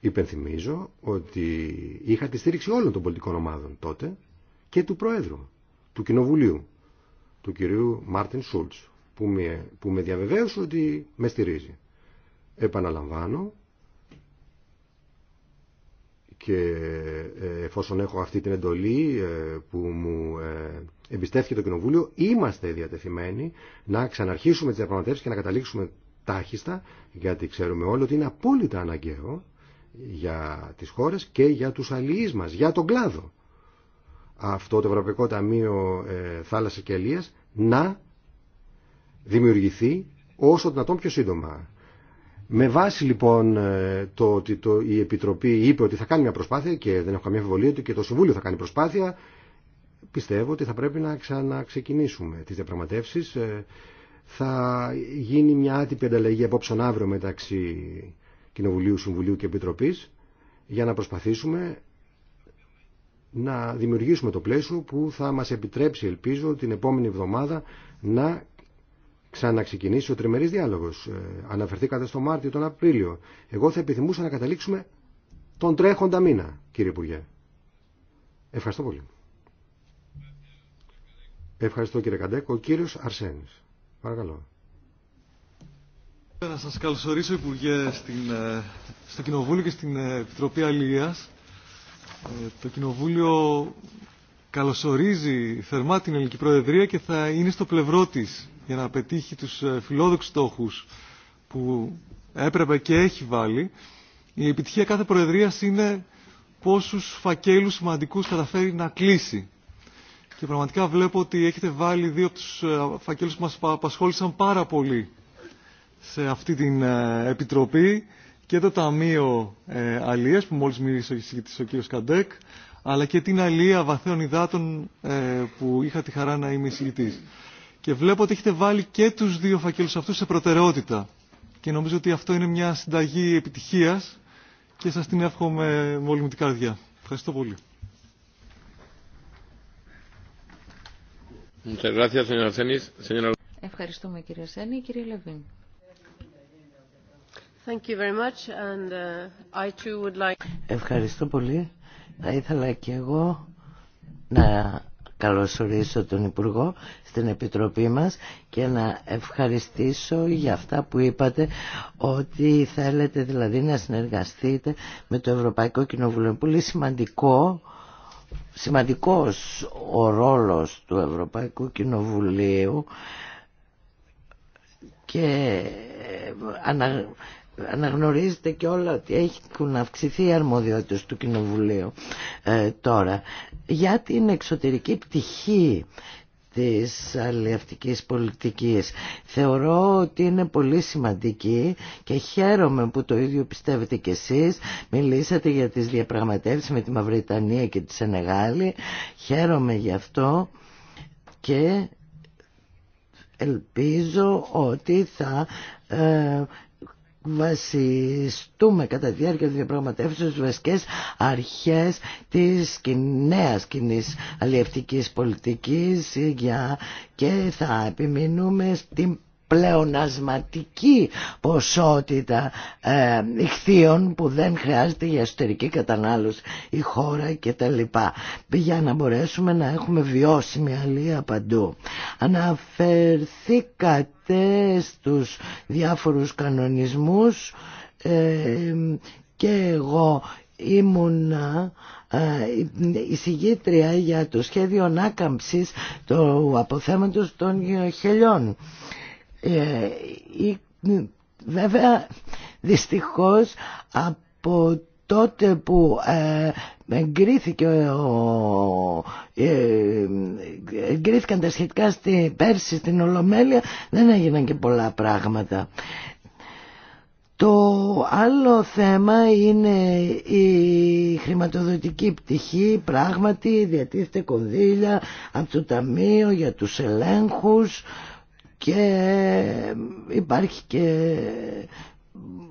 Υπενθυμίζω ότι είχα τη στήριξη όλων των πολιτικών ομάδων τότε και του Προέδρου του Κοινοβουλίου, του κυρίου Μάρτιν Σούλτ, που με, που με διαβεβαίωσε ότι με στηρίζει. Επαναλαμβάνω και ε, εφόσον έχω αυτή την εντολή ε, που μου ε, εμπιστεύτηκε το Κοινοβούλιο, είμαστε διατεθειμένοι να ξαναρχίσουμε τι διαπραγματεύσει και να καταλήξουμε τάχιστα, γιατί ξέρουμε όλοι ότι είναι απόλυτα αναγκαίο για τι χώρε και για του αλληλεί μας, για τον κλάδο. Αυτό το Ευρωπαϊκό Ταμείο ε, Θάλασσα και Αλίας να δημιουργηθεί όσο δυνατόν πιο σύντομα. Με βάση λοιπόν ε, το ότι το, η Επιτροπή είπε ότι θα κάνει μια προσπάθεια και δεν έχω καμία αμφιβολία ότι και το Συμβούλιο θα κάνει προσπάθεια πιστεύω ότι θα πρέπει να ξαναξεκινήσουμε τις διαπραγματεύσεις. Ε, θα γίνει μια άτυπη ανταλλαγή ανταλλαγή αύριο μεταξύ Κοινοβουλίου, Συμβουλίου και Επιτροπής για να προσπαθήσουμε να δημιουργήσουμε το πλαίσιο που θα μας επιτρέψει, ελπίζω, την επόμενη εβδομάδα να ξαναξεκινήσει ο τριμερής διάλογος. Ε, αναφερθήκατε στο Μάρτιο, τον Απρίλιο. Εγώ θα επιθυμούσα να καταλήξουμε τον τρέχοντα μήνα, κύριε Υπουργέ. Ευχαριστώ πολύ. Ευχαριστώ κύριε Καντέκο. Ο κύριος Αρσένης. Παρακαλώ. Να σας καλωσορίσω Υπουργέ στην, ε, στο Κοινοβούλιο και στην ε, Επιτροπή Αλληλείας. Ε, το Κοινοβούλιο καλωσορίζει θερμά την Ελληνική Προεδρία και θα είναι στο πλευρό της για να πετύχει τους φιλόδοξους στόχους που έπρεπε και έχει βάλει. Η επιτυχία κάθε Προεδρίας είναι πόσους φακέλους σημαντικούς καταφέρει να κλείσει και πραγματικά βλέπω ότι έχετε βάλει δύο από τους ε, φακέλους που μας απασχόλησαν πάρα πολύ σε αυτή την ε, επιτροπή και το Ταμείο ε, Αλίας που μόλις μίλησε ο κ. Καντέκ αλλά και την αλία βαθέων υδάτων ε, που είχα τη χαρά να είμαι εισηγητής. Και βλέπω ότι έχετε βάλει και τους δύο φακέλους αυτούς σε προτεραιότητα. Και νομίζω ότι αυτό είναι μια συνταγή επιτυχίας και σας την εύχομαι με όλη μου την καρδιά. Ευχαριστώ πολύ. Ευχαριστούμε κύριε Σένη. Κύριε Λεβίν. Ευχαριστώ πολύ. Θα ήθελα και εγώ να καλωσορίσω τον Υπουργό στην Επιτροπή μας και να ευχαριστήσω για αυτά που είπατε ότι θέλετε δηλαδή να συνεργαστείτε με το Ευρωπαϊκό Κοινοβούλιο. πολύ σημαντικό σημαντικός ο ρόλος του Ευρωπαϊκού Κοινοβουλίου και ε, ανα, αναγνωρίζεται και όλα ότι έχουν αυξηθεί οι αρμοδιότητες του Κοινοβουλίου ε, τώρα για την εξωτερική πτυχή της αλληλευτικής πολιτικής. Θεωρώ ότι είναι πολύ σημαντική και χαίρομαι που το ίδιο πιστεύετε κι εσείς. Μιλήσατε για τις διαπραγματεύσεις με τη Μαυριτανία και τη Σενεγάλη. Χαίρομαι γι' αυτό και ελπίζω ότι θα ε, βασιστούμε κατά τη διάρκεια της διαπραγματεύσεως στις βασικές αρχές της νέας κοινή αλλιευτικής πολιτικής για... και θα επιμείνουμε στην πλεονασματική ποσότητα ε, ηχθείων που δεν χρειάζεται για εσωτερική κατανάλωση η χώρα κτλ. Για να μπορέσουμε να έχουμε βιώσιμη αλία παντού. Αναφερθήκατε στους διάφορους κανονισμούς ε, και εγώ ήμουνα ε, εισηγήτρια για το σχέδιο ανάκαμψης του αποθέματος των χελιών. Ε, βέβαια δυστυχώς από τότε που ε, εγκρίθηκε ο, ε, εγκρίθηκαν τα σχετικά στη, πέρσι στην Ολομέλεια δεν έγιναν και πολλά πράγματα. Το άλλο θέμα είναι η χρηματοδοτική πτυχή, πράγματι διατίθεται κονδύλια από το Ταμείο για τους ελέγχους, και υπάρχει και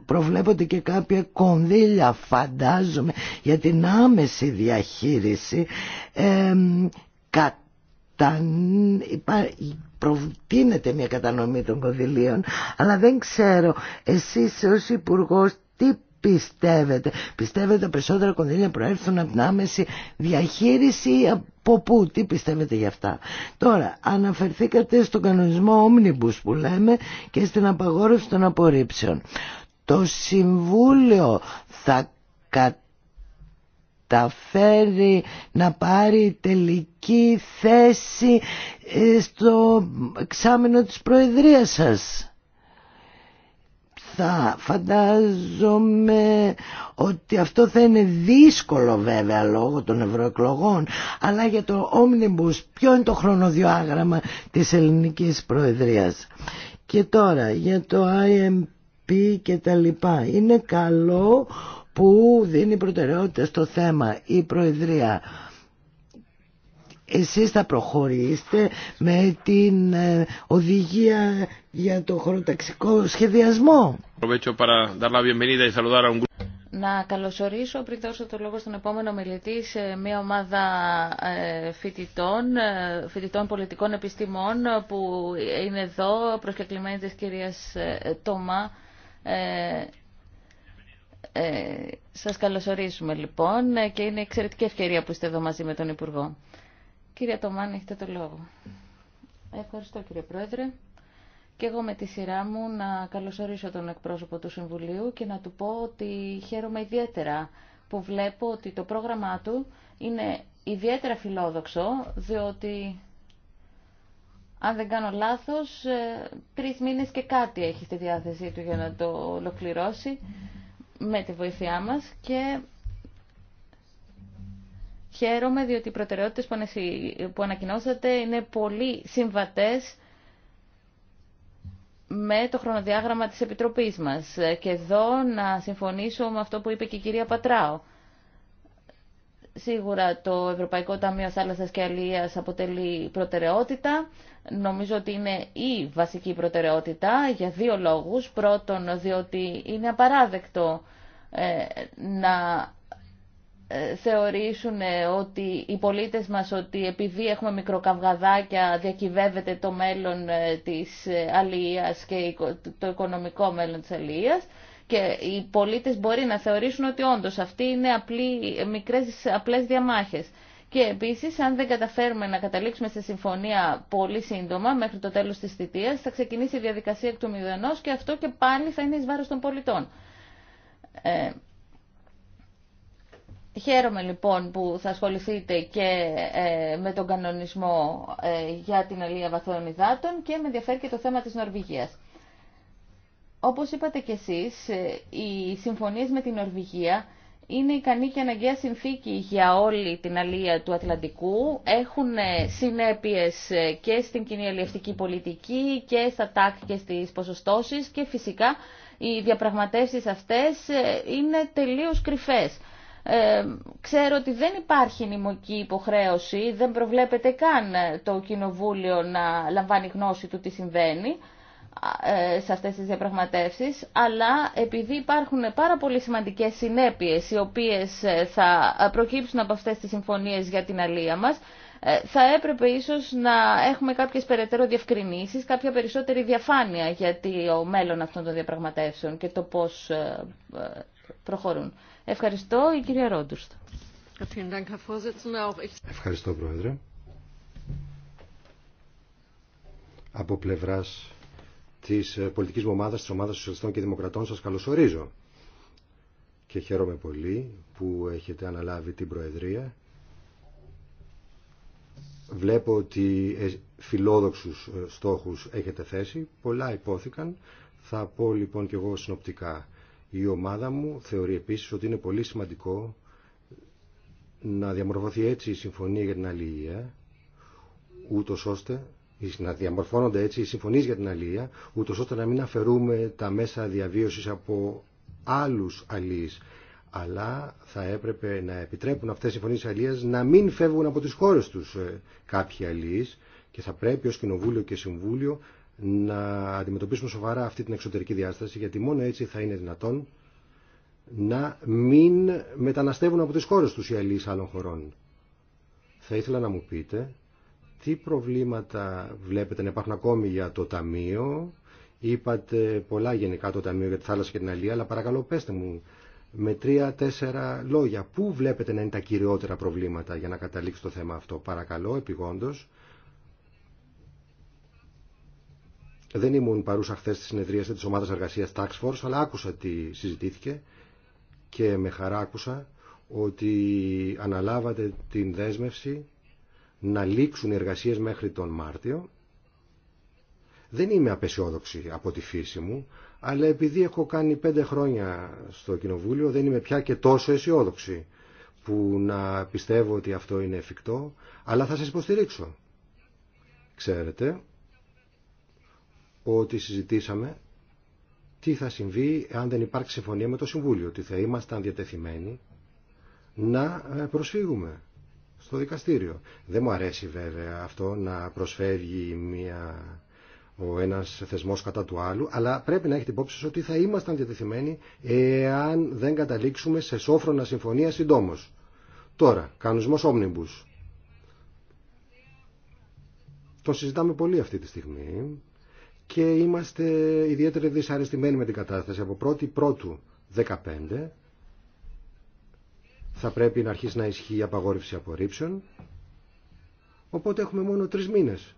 προβλέπονται και κάποια κονδύλια φαντάζομαι για την άμεση διαχείριση ε, κατά, υπά, προτείνεται μια κατανομή των κονδυλίων αλλά δεν ξέρω εσείς ως υπουργός τι πιστεύετε. Πιστεύετε περισσότερα κονδύλια προέρθουν από την άμεση διαχείριση ή από πού, τι πιστεύετε γι' αυτά. Τώρα, αναφερθήκατε στον κανονισμό Omnibus που λέμε και στην απαγόρευση των απορρίψεων. Το Συμβούλιο θα καταφέρει να πάρει τελική θέση ε, στο εξάμεινο της Προεδρίας σας θα φαντάζομαι ότι αυτό θα είναι δύσκολο βέβαια λόγω των ευρωεκλογών αλλά για το Omnibus ποιο είναι το χρονοδιάγραμμα της ελληνικής προεδρίας και τώρα για το IMP και τα λοιπά είναι καλό που δίνει προτεραιότητα στο θέμα η προεδρία εσείς θα προχωρήσετε με την ε, οδηγία για το χωροταξικό σχεδιασμό. Να καλωσορίσω πριν δώσω το λόγο στον επόμενο μιλητή σε μια ομάδα ε, φοιτητών, ε, φοιτητών πολιτικών επιστημών που είναι εδώ, προσκεκλημένη της κυρίας Τόμα. Ε, σας καλωσορίσουμε λοιπόν και είναι εξαιρετική ευκαιρία που είστε εδώ μαζί με τον Υπουργό. Κύριε Τομάν, έχετε το λόγο. Ευχαριστώ κύριε Πρόεδρε. Και εγώ με τη σειρά μου να καλωσορίσω τον εκπρόσωπο του Συμβουλίου και να του πω ότι χαίρομαι ιδιαίτερα που βλέπω ότι το πρόγραμμά του είναι ιδιαίτερα φιλόδοξο, διότι αν δεν κάνω λάθος, ε, τρεις μήνες και κάτι έχει στη διάθεσή του για να το ολοκληρώσει με τη βοήθειά μας και Χαίρομαι διότι οι προτεραιότητες που ανακοινώσατε είναι πολύ συμβατές με το χρονοδιάγραμμα της Επιτροπής μας. Και εδώ να συμφωνήσω με αυτό που είπε και η κυρία Πατράου. Σίγουρα το Ευρωπαϊκό Ταμείο Θάλασσας και Αλίας αποτελεί προτεραιότητα. Νομίζω ότι είναι η βασική προτεραιότητα για δύο λόγους. Πρώτον, διότι είναι απαράδεκτο ε, να ε, θεωρήσουν ε, ότι οι πολίτες μας ότι επειδή έχουμε μικροκαυγαδάκια διακυβεύεται το μέλλον ε, της αλίας και το οικονομικό μέλλον της αλίας και οι πολίτες μπορεί να θεωρήσουν ότι όντως αυτοί είναι απλοί, μικρές, απλές διαμάχες. Και επίσης αν δεν καταφέρουμε να καταλήξουμε σε συμφωνία πολύ σύντομα μέχρι το τέλος της θητείας θα ξεκινήσει η διαδικασία εκ του μηδενός και αυτό και πάλι θα είναι εις βάρος των πολιτών. Χαίρομαι λοιπόν που θα ασχοληθείτε και ε, με τον κανονισμό ε, για την αλία βαθών υδάτων και με ενδιαφέρει και το θέμα της Νορβηγίας. Όπως είπατε κι εσείς, ε, οι συμφωνίες με την Νορβηγία είναι ικανή και αναγκαία συνθήκη για όλη την αλία του Ατλαντικού. Έχουν συνέπειες και στην κοινή πολιτική και στα τάκ και στις ποσοστώσεις και φυσικά οι διαπραγματεύσεις αυτές είναι τελείως κρυφές. Ε, ξέρω ότι δεν υπάρχει νημοκή υποχρέωση, δεν προβλέπεται καν το Κοινοβούλιο να λαμβάνει γνώση του τι συμβαίνει ε, σε αυτές τις διαπραγματεύσεις, αλλά επειδή υπάρχουν πάρα πολύ σημαντικές συνέπειες οι οποίες ε, θα προκύψουν από αυτές τις συμφωνίες για την αλία μας, θα έπρεπε ίσως να έχουμε κάποιες περαιτέρω διευκρινήσεις, κάποια περισσότερη διαφάνεια για το μέλλον αυτών των διαπραγματεύσεων και το πώς προχωρούν. Ευχαριστώ η κυρία Ρόντουστ. Ευχαριστώ Πρόεδρε. Από πλευρά της ε, πολιτικής ομάδα, ομάδας, της ομάδας Σοσιαλιστών και Δημοκρατών σας καλωσορίζω και χαίρομαι πολύ που έχετε αναλάβει την Προεδρία. Βλέπω ότι ε, φιλόδοξους ε, στόχους έχετε θέσει, πολλά υπόθηκαν. Θα πω λοιπόν και εγώ συνοπτικά η ομάδα μου θεωρεί επίσης ότι είναι πολύ σημαντικό να διαμορφωθεί έτσι η συμφωνία για την αλληλεία, ούτως ώστε να διαμορφώνονται έτσι οι συμφωνίες για την αλληλεία, ούτως ώστε να μην αφαιρούμε τα μέσα διαβίωσης από άλλους αλληλείς. Αλλά θα έπρεπε να επιτρέπουν αυτές οι συμφωνίες αλληλείας να μην φεύγουν από τις χώρες τους ε, κάποιοι αλληλείς και θα πρέπει ως Κοινοβούλιο και Συμβούλιο να αντιμετωπίσουμε σοβαρά αυτή την εξωτερική διάσταση, γιατί μόνο έτσι θα είναι δυνατόν να μην μεταναστεύουν από τις χώρες τους οι αλληλείς άλλων χωρών. Θα ήθελα να μου πείτε τι προβλήματα βλέπετε να υπάρχουν ακόμη για το Ταμείο. Είπατε πολλά γενικά το Ταμείο για τη θάλασσα και την αλία, αλλά παρακαλώ πέστε μου με τρία-τέσσερα λόγια. Πού βλέπετε να είναι τα κυριότερα προβλήματα για να καταλήξει το θέμα αυτό. Παρακαλώ, επιγόντως, Δεν ήμουν παρούσα χθε στη συνεδρία τη ομάδα εργασία Tax Force, αλλά άκουσα τι συζητήθηκε και με χαρά άκουσα ότι αναλάβατε την δέσμευση να λήξουν οι εργασίες μέχρι τον Μάρτιο. Δεν είμαι απεσιόδοξη από τη φύση μου, αλλά επειδή έχω κάνει πέντε χρόνια στο Κοινοβούλιο, δεν είμαι πια και τόσο αισιόδοξη που να πιστεύω ότι αυτό είναι εφικτό, αλλά θα σας υποστηρίξω. Ξέρετε ότι συζητήσαμε τι θα συμβεί αν δεν υπάρξει συμφωνία με το Συμβούλιο, ότι θα ήμασταν διατεθειμένοι να ε, προσφύγουμε στο δικαστήριο. Δεν μου αρέσει βέβαια αυτό να προσφεύγει μια, ο ένας θεσμός κατά του άλλου, αλλά πρέπει να έχετε υπόψη ότι θα ήμασταν διατεθειμένοι εάν δεν καταλήξουμε σε σόφρονα συμφωνία συντόμως. Τώρα, κανονισμός όμνιμπους. Το συζητάμε πολύ αυτή τη στιγμή και είμαστε ιδιαίτερα δυσαρεστημένοι με την κατάσταση. Από 1η Πρώτου 15 θα πρέπει να αρχίσει να ισχύει η απαγόρευση απορρίψεων. Οπότε έχουμε μόνο τρεις μήνες,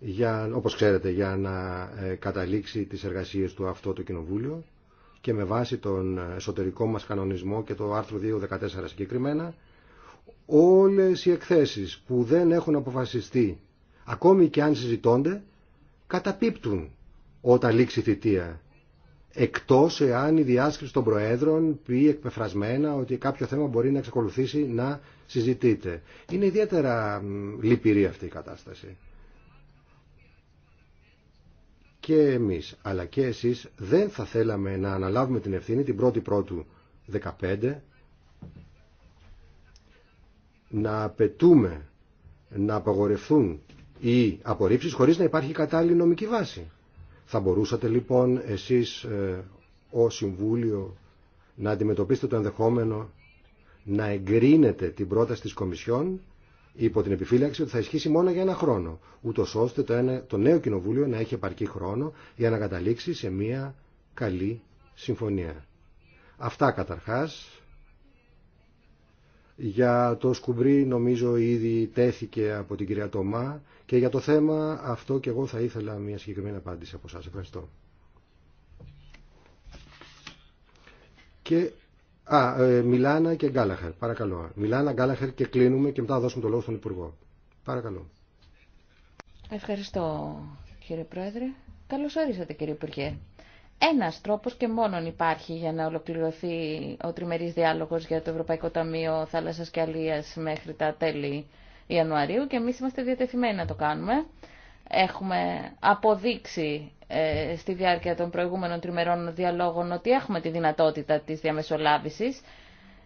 για, όπως ξέρετε, για να ε, καταλήξει τις εργασίες του αυτό το Κοινοβούλιο και με βάση τον εσωτερικό μας κανονισμό και το άρθρο 2.14 συγκεκριμένα, όλες οι εκθέσεις που δεν έχουν αποφασιστεί, ακόμη και αν συζητώνται, καταπίπτουν όταν λήξει η θητεία. Εκτός εάν η διάσκεψη των Προέδρων πει εκπεφρασμένα ότι κάποιο θέμα μπορεί να εξακολουθήσει να συζητείται. Είναι ιδιαίτερα λυπηρή αυτή η κατάσταση. Και εμείς, αλλά και εσείς, δεν θα θέλαμε να αναλάβουμε την ευθύνη την 1η Πρώτου 15 να απαιτούμε να απαγορευτούν ή απορρίψεις χωρίς να υπάρχει κατάλληλη νομική βάση. Θα μπορούσατε λοιπόν εσείς ε, ως Συμβούλιο να αντιμετωπίσετε το ενδεχόμενο να εγκρίνετε την πρόταση της Κομισιόν υπό την επιφύλαξη ότι θα ισχύσει μόνο για ένα χρόνο, ούτω ώστε το, ένα, το νέο Κοινοβούλιο να έχει επαρκή χρόνο για να καταλήξει σε μια καλή συμφωνία. Αυτά καταρχάς για το σκουμπρί νομίζω ήδη τέθηκε από την κυρία Τομά και για το θέμα αυτό και εγώ θα ήθελα μια συγκεκριμένη απάντηση από σας. Ευχαριστώ. Και, α, ε, Μιλάνα και Γκάλαχερ, παρακαλώ. Μιλάνα, Γκάλαχερ και κλείνουμε και μετά θα δώσουμε το λόγο στον Υπουργό. Παρακαλώ. Ευχαριστώ κύριε Πρόεδρε. Καλώς όρισατε κύριε Υπουργέ ένας τρόπος και μόνον υπάρχει για να ολοκληρωθεί ο τριμερής διάλογος για το Ευρωπαϊκό Ταμείο Θάλασσας και Αλίας μέχρι τα τέλη Ιανουαρίου και εμείς είμαστε διατεθειμένοι να το κάνουμε. Έχουμε αποδείξει ε, στη διάρκεια των προηγούμενων τριμερών διαλόγων ότι έχουμε τη δυνατότητα της διαμεσολάβησης,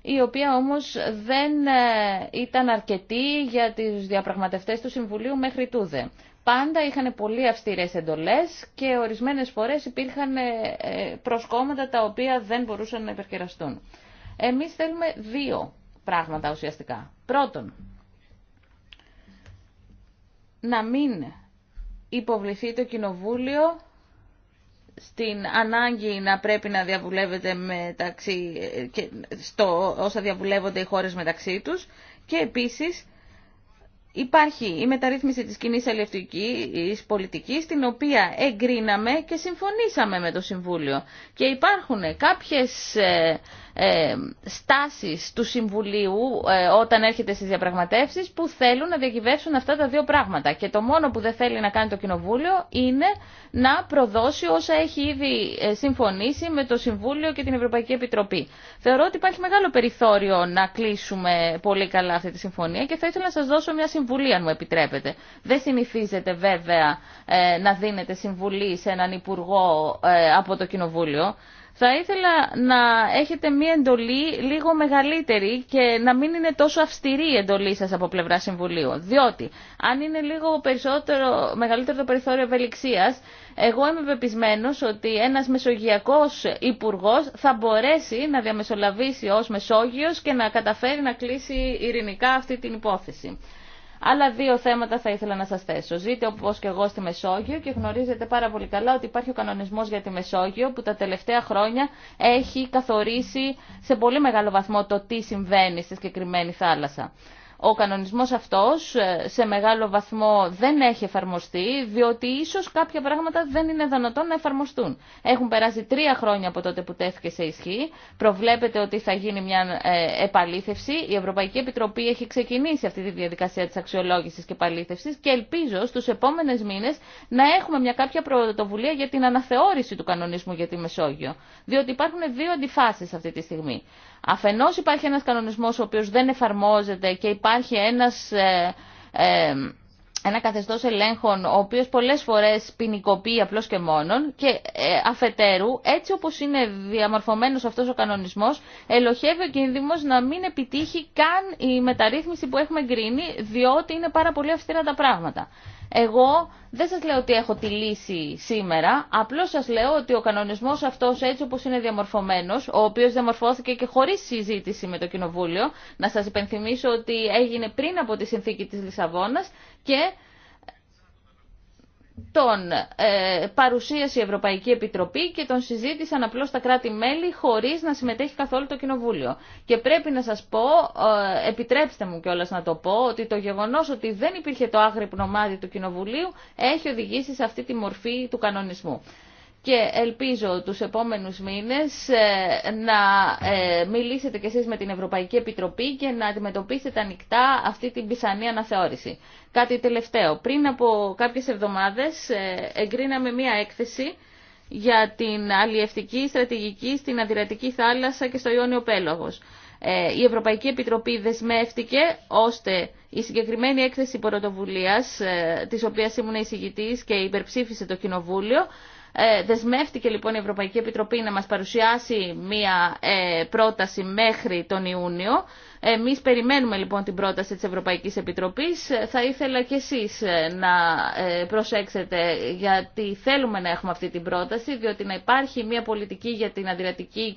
η οποία όμως δεν ε, ήταν αρκετή για τις διαπραγματευτές του Συμβουλίου μέχρι τούδε πάντα είχαν πολύ αυστηρές εντολές και ορισμένες φορές υπήρχαν ε, ε, προσκόμματα τα οποία δεν μπορούσαν να υπερκεραστούν. Εμείς θέλουμε δύο πράγματα ουσιαστικά. Πρώτον, να μην υποβληθεί το Κοινοβούλιο στην ανάγκη να πρέπει να διαβουλεύεται μεταξύ, ε, στο, όσα διαβουλεύονται οι χώρες μεταξύ τους και επίσης Υπάρχει η μεταρρύθμιση της κοινή αλληλευτικής πολιτικής, την οποία εγκρίναμε και συμφωνήσαμε με το Συμβούλιο. Και υπάρχουν κάποιες ε, ε, στάσεις του Συμβουλίου ε, όταν έρχεται στις διαπραγματεύσεις που θέλουν να διακυβεύσουν αυτά τα δύο πράγματα. Και το μόνο που δεν θέλει να κάνει το Κοινοβούλιο είναι να προδώσει όσα έχει ήδη ε, συμφωνήσει με το Συμβούλιο και την Ευρωπαϊκή Επιτροπή. Θεωρώ ότι υπάρχει μεγάλο περιθώριο να κλείσουμε πολύ καλά αυτή τη συμφωνία και θα ήθελα να σας δώσω μια συμβουλή αν μου επιτρέπετε. Δεν συνηθίζεται βέβαια να δίνετε συμβουλή σε έναν Υπουργό από το Κοινοβούλιο. Θα ήθελα να έχετε μία εντολή λίγο μεγαλύτερη και να μην είναι τόσο αυστηρή η εντολή σας από πλευρά Συμβουλίου. Διότι αν είναι λίγο περισσότερο, μεγαλύτερο το περιθώριο ευελιξίας, εγώ είμαι πεπισμένος ότι ένας μεσογειακός υπουργό θα μπορέσει να διαμεσολαβήσει ως Μεσόγειος και να καταφέρει να κλείσει ειρηνικά αυτή την υπόθεση. Άλλα δύο θέματα θα ήθελα να σας θέσω. Ζείτε όπως και εγώ στη Μεσόγειο και γνωρίζετε πάρα πολύ καλά ότι υπάρχει ο κανονισμός για τη Μεσόγειο που τα τελευταία χρόνια έχει καθορίσει σε πολύ μεγάλο βαθμό το τι συμβαίνει στη συγκεκριμένη θάλασσα. Ο κανονισμός αυτός ε, σε μεγάλο βαθμό δεν έχει εφαρμοστεί, διότι ίσως κάποια πράγματα δεν είναι δυνατόν να εφαρμοστούν. Έχουν περάσει τρία χρόνια από τότε που τέθηκε σε ισχύ. Προβλέπεται ότι θα γίνει μια ε, επαλήθευση. Η Ευρωπαϊκή Επιτροπή έχει ξεκινήσει αυτή τη διαδικασία της αξιολόγησης και επαλήθευσης και ελπίζω στους επόμενες μήνες να έχουμε μια κάποια πρωτοβουλία για την αναθεώρηση του κανονισμού για τη Μεσόγειο. Διότι υπάρχουν δύο αντιφάσεις αυτή τη στιγμή. Αφενός υπάρχει ένας κανονισμός ο οποίος δεν εφαρμόζεται και υπάρχει ένας, ε, ε, ένα καθεστώς ελέγχων ο οποίος πολλές φορές ποινικοποιεί απλώς και μόνον και ε, αφετέρου έτσι όπως είναι διαμορφωμένος αυτός ο κανονισμός ελοχεύει ο κίνδυνος να μην επιτύχει καν η μεταρρύθμιση που έχουμε γκρίνει διότι είναι πάρα πολύ αυστηρά τα πράγματα. Εγώ δεν σας λέω ότι έχω τη λύση σήμερα, απλώς σας λέω ότι ο κανονισμός αυτός έτσι όπως είναι διαμορφωμένος, ο οποίος διαμορφώθηκε και χωρίς συζήτηση με το Κοινοβούλιο, να σας υπενθυμίσω ότι έγινε πριν από τη συνθήκη της Λισαβόνας και τον ε, παρουσίασε η Ευρωπαϊκή Επιτροπή και τον συζήτησαν απλώς τα κράτη-μέλη χωρίς να συμμετέχει καθόλου το Κοινοβούλιο. Και πρέπει να σας πω, ε, επιτρέψτε μου κιόλας να το πω, ότι το γεγονός ότι δεν υπήρχε το άγρυπνο μάτι του Κοινοβουλίου έχει οδηγήσει σε αυτή τη μορφή του κανονισμού και ελπίζω τους επόμενους μήνες ε, να ε, μιλήσετε κι εσείς με την Ευρωπαϊκή Επιτροπή και να αντιμετωπίσετε ανοιχτά αυτή την πιθανή αναθεώρηση. Κάτι τελευταίο. Πριν από κάποιες εβδομάδες ε, εγκρίναμε μία έκθεση για την αλλιευτική στρατηγική στην Αδυρατική θάλασσα και στο Ιόνιο Πέλογος. Η Ευρωπαϊκή Επιτροπή δεσμεύτηκε ώστε η συγκεκριμένη έκθεση πρωτοβουλία, της οποίας ήμουν εισηγητής και υπερψήφισε το Κοινοβούλιο, ε, δεσμεύτηκε λοιπόν η Ευρωπαϊκή Επιτροπή να μας παρουσιάσει μία ε, πρόταση μέχρι τον Ιούνιο. Εμείς περιμένουμε λοιπόν την πρόταση της Ευρωπαϊκής Επιτροπής. Θα ήθελα κι εσεί ε, να ε, προσέξετε γιατί θέλουμε να έχουμε αυτή την πρόταση, διότι να υπάρχει μια πολιτική για την Αδριατική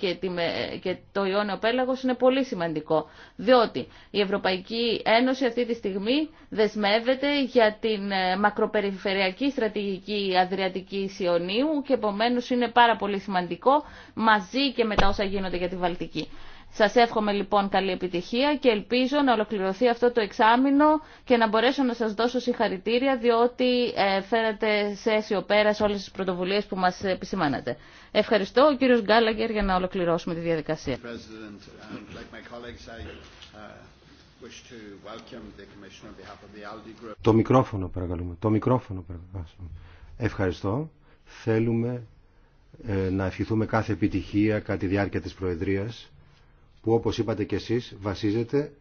και το Ιόνιο Πέλαγος είναι πολύ σημαντικό. Διότι η Ευρωπαϊκή Ένωση αυτή τη στιγμή δεσμεύεται για την ε, μακροπεριφερειακή στρατηγική Αδριατική Ιωνίου και επομένως είναι πάρα πολύ σημαντικό μαζί και με τα όσα γίνονται για τη Βαλτική. Σας εύχομαι λοιπόν καλή επιτυχία και ελπίζω να ολοκληρωθεί αυτό το εξάμεινο και να μπορέσω να σας δώσω συγχαρητήρια διότι ε, φέρατε σε αίσιο πέρα σε όλες τις πρωτοβουλίες που μας επισημάνατε. Ευχαριστώ ο κύριος Γκάλαγκερ για να ολοκληρώσουμε τη διαδικασία. Uh, uh, το μικρόφωνο παρακαλούμε. Το μικρόφωνο παρακαλούμε. Ευχαριστώ. Θέλουμε ε, να ευχηθούμε κάθε επιτυχία κατά τη διάρκεια της Προεδρίας που όπως είπατε και εσείς βασίζεται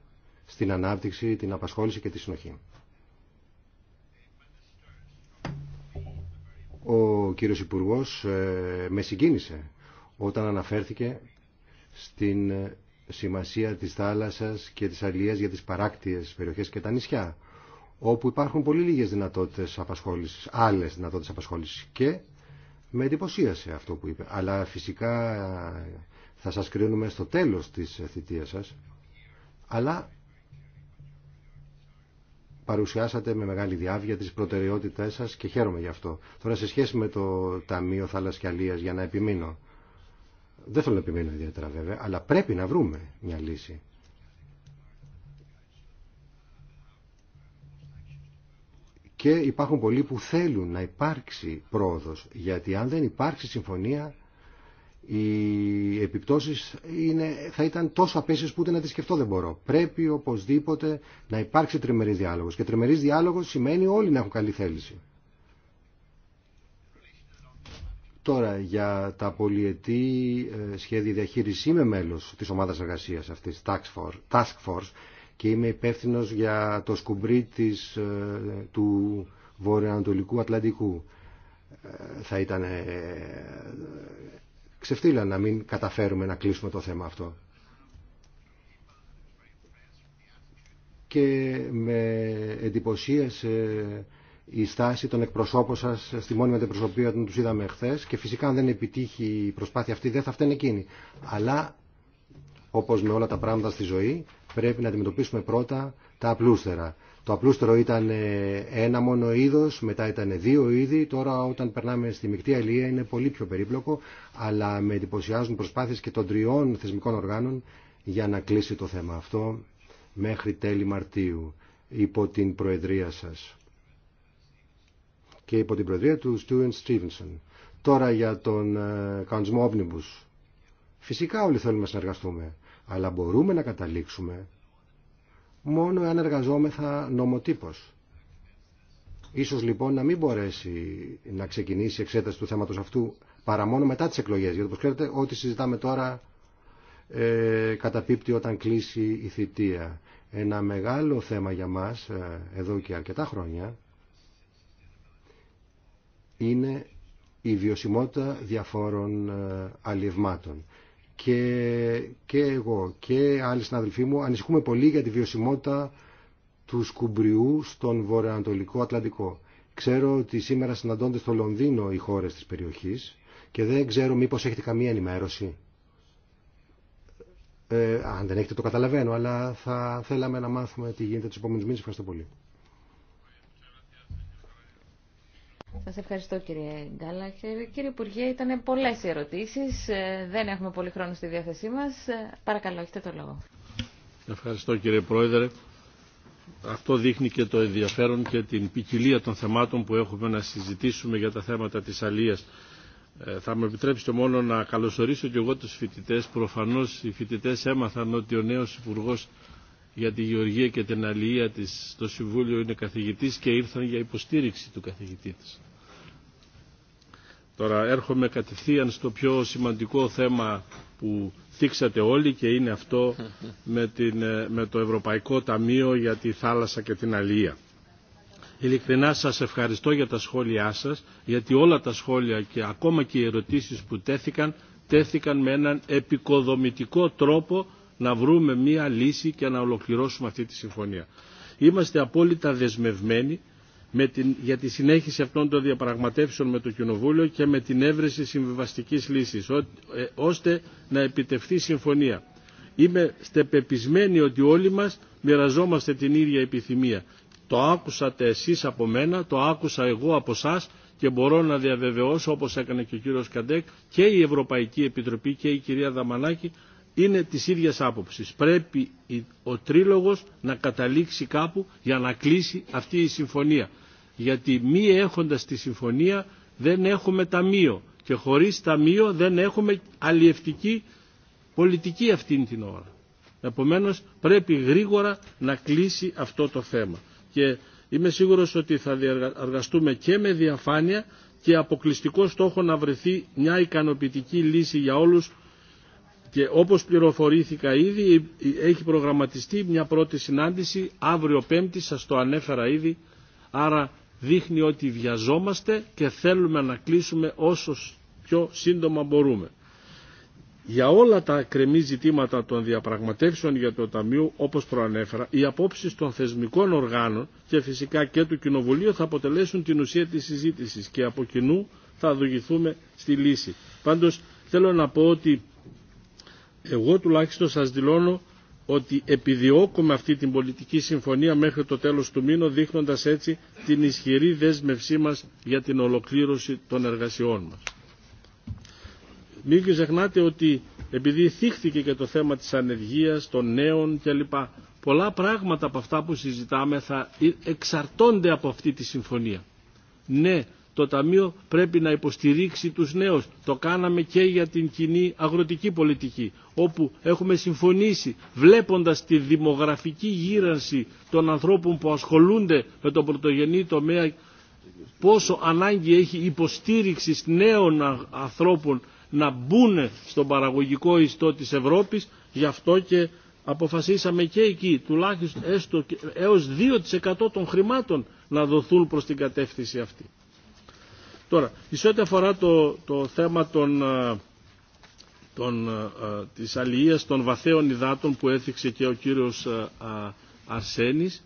στην ανάπτυξη, την απασχόληση και τη συνοχή. Ο κύριος Υπουργός ε, με συγκίνησε όταν αναφέρθηκε στην σημασία της θάλασσας και της αλίας για τις παράκτιες περιοχές και τα νησιά, όπου υπάρχουν πολύ λίγες δυνατότητες απασχόλησης, άλλες δυνατότητες απασχόλησης και με εντυπωσίασε αυτό που είπε. Αλλά φυσικά θα σας κρίνουμε στο τέλος της θητείας σας, αλλά παρουσιάσατε με μεγάλη διάβια τις προτεραιότητές σας και χαίρομαι γι' αυτό. Τώρα σε σχέση με το Ταμείο Θαλασσιαλίας για να επιμείνω, δεν θέλω να επιμείνω ιδιαίτερα βέβαια, αλλά πρέπει να βρούμε μια λύση. Και υπάρχουν πολλοί που θέλουν να υπάρξει πρόοδος, γιατί αν δεν υπάρξει συμφωνία οι επιπτώσεις είναι, θα ήταν τόσο απέσει που ούτε να τις σκεφτώ δεν μπορώ. Πρέπει οπωσδήποτε να υπάρξει τριμερής διάλογος. Και τριμερής διάλογος σημαίνει όλοι να έχουν καλή θέληση. Τώρα για τα πολυετή ε, σχέδια διαχείριση είμαι μέλος της ομάδας εργασίας αυτής, Task Force, και είμαι υπεύθυνο για το σκουμπρί της, ε, του βορειοανατολικού Ατλαντικού. Ε, θα ήταν ξεφτύλα να μην καταφέρουμε να κλείσουμε το θέμα αυτό. Και με εντυπωσίασε η στάση των εκπροσώπων σα στη μόνιμη αντιπροσωπή όταν του είδαμε χθε. Και φυσικά αν δεν επιτύχει η προσπάθεια αυτή δεν θα φταίνει εκείνη. Αλλά όπω με όλα τα πράγματα στη ζωή πρέπει να αντιμετωπίσουμε πρώτα τα απλούστερα. Το απλούστερο ήταν ε, ένα μόνο είδο, μετά ήταν δύο είδη. Τώρα όταν περνάμε στη μεικτή αλληλεία είναι πολύ πιο περίπλοκο, αλλά με εντυπωσιάζουν προσπάθειες και των τριών θεσμικών οργάνων για να κλείσει το θέμα αυτό μέχρι τέλη Μαρτίου υπό την προεδρία σας και υπό την προεδρία του Stuart Στίβενσον. Τώρα για τον ε, κανονισμό Omnibus. Φυσικά όλοι θέλουμε να συνεργαστούμε, αλλά μπορούμε να καταλήξουμε μόνο εάν εργαζόμεθα νομοτύπως. Ίσως λοιπόν να μην μπορέσει να ξεκινήσει η εξέταση του θέματος αυτού παρά μόνο μετά τις εκλογές. Γιατί όπως ξέρετε ό,τι συζητάμε τώρα ε, καταπίπτει όταν κλείσει η θητεία. Ένα μεγάλο θέμα για μας ε, εδώ και αρκετά χρόνια είναι η βιωσιμότητα διαφόρων ε, και, και εγώ και άλλοι συναδελφοί μου ανησυχούμε πολύ για τη βιωσιμότητα του σκουμπριού στον βορειοανατολικό Ατλαντικό. Ξέρω ότι σήμερα συναντώνται στο Λονδίνο οι χώρες της περιοχής και δεν ξέρω μήπως έχετε καμία ενημέρωση. Ε, αν δεν έχετε το καταλαβαίνω, αλλά θα θέλαμε να μάθουμε τι γίνεται τους επόμενους μήνες. Ευχαριστώ πολύ. Σας ευχαριστώ κύριε Γκάλαχερ. Κύριε Υπουργέ, ήταν πολλές οι ερωτήσεις. Ε, δεν έχουμε πολύ χρόνο στη διάθεσή μας. Ε, παρακαλώ, έχετε το λόγο. Ευχαριστώ κύριε Πρόεδρε. Αυτό δείχνει και το ενδιαφέρον και την ποικιλία των θεμάτων που έχουμε να συζητήσουμε για τα θέματα της αλίας. Ε, θα μου επιτρέψετε μόνο να καλωσορίσω και εγώ τους φοιτητές. Προφανώς οι φοιτητές έμαθαν ότι ο νέος Υπουργό για τη Γεωργία και την Αλληλεία της στο Συμβούλιο είναι καθηγητής και ήρθαν για υποστήριξη του καθηγητή της. Τώρα έρχομαι κατευθείαν στο πιο σημαντικό θέμα που θίξατε όλοι και είναι αυτό ε, με, το Ευρωπαϊκό Ταμείο για τη Θάλασσα και την Αλία. Ειλικρινά σας ευχαριστώ για τα σχόλιά σας, γιατί όλα τα σχόλια και ακόμα και οι ερωτήσεις που τέθηκαν, τέθηκαν με έναν επικοδομητικό τρόπο να βρούμε μία λύση και να ολοκληρώσουμε αυτή τη συμφωνία. Είμαστε απόλυτα δεσμευμένοι με την, για τη συνέχιση αυτών των διαπραγματεύσεων με το Κοινοβούλιο και με την έβρεση συμβιβαστικής λύσης, ε, ώστε να επιτευχθεί συμφωνία. Είμαι στεπεπισμένη ότι όλοι μας μοιραζόμαστε την ίδια επιθυμία. Το άκουσατε εσείς από μένα, το άκουσα εγώ από εσά και μπορώ να διαβεβαιώσω όπως έκανε και ο κύριος Καντέκ και η Ευρωπαϊκή Επιτροπή και η κυρία Δαμανάκη είναι της ίδιας άποψης. Πρέπει ο τρίλογος να καταλήξει κάπου για να κλείσει αυτή η συμφωνία. Γιατί μη έχοντας τη συμφωνία δεν έχουμε ταμείο και χωρίς ταμείο δεν έχουμε αλλιευτική πολιτική αυτή την ώρα. Επομένως πρέπει γρήγορα να κλείσει αυτό το θέμα. Και είμαι σίγουρος ότι θα διαργαστούμε και με διαφάνεια και αποκλειστικό στόχο να βρεθεί μια ικανοποιητική λύση για όλους και όπως πληροφορήθηκα ήδη έχει προγραμματιστεί μια πρώτη συνάντηση αύριο πέμπτη, σας το ανέφερα ήδη, άρα δείχνει ότι βιαζόμαστε και θέλουμε να κλείσουμε όσο πιο σύντομα μπορούμε. Για όλα τα κρεμή ζητήματα των διαπραγματεύσεων για το Ταμείο, όπως προανέφερα, οι απόψεις των θεσμικών οργάνων και φυσικά και του Κοινοβουλίου θα αποτελέσουν την ουσία της συζήτησης και από κοινού θα δογηθούμε στη λύση. Πάντως θέλω να πω ότι εγώ τουλάχιστον σας δηλώνω ότι επιδιώκουμε αυτή την πολιτική συμφωνία μέχρι το τέλος του μήνα δείχνοντας έτσι την ισχυρή δέσμευσή μας για την ολοκλήρωση των εργασιών μας. Μην ξεχνάτε ότι επειδή θύχθηκε και το θέμα της ανεργίας, των νέων κλπ. Πολλά πράγματα από αυτά που συζητάμε θα ε, εξαρτώνται από αυτή τη συμφωνία. Ναι, το Ταμείο πρέπει να υποστηρίξει τους νέους. Το κάναμε και για την κοινή αγροτική πολιτική, όπου έχουμε συμφωνήσει βλέποντας τη δημογραφική γύρανση των ανθρώπων που ασχολούνται με το πρωτογενή τομέα, πόσο ανάγκη έχει υποστήριξης νέων ανθρώπων να μπουν στον παραγωγικό ιστό της Ευρώπης, γι' αυτό και αποφασίσαμε και εκεί τουλάχιστον έστω έως 2% των χρημάτων να δοθούν προς την κατεύθυνση αυτή. Τώρα, σε ό,τι αφορά το, το θέμα των, ε, των, ε, της αλληλείας των βαθαίων υδάτων που έθιξε και ο κύριος ε, Αρσένης,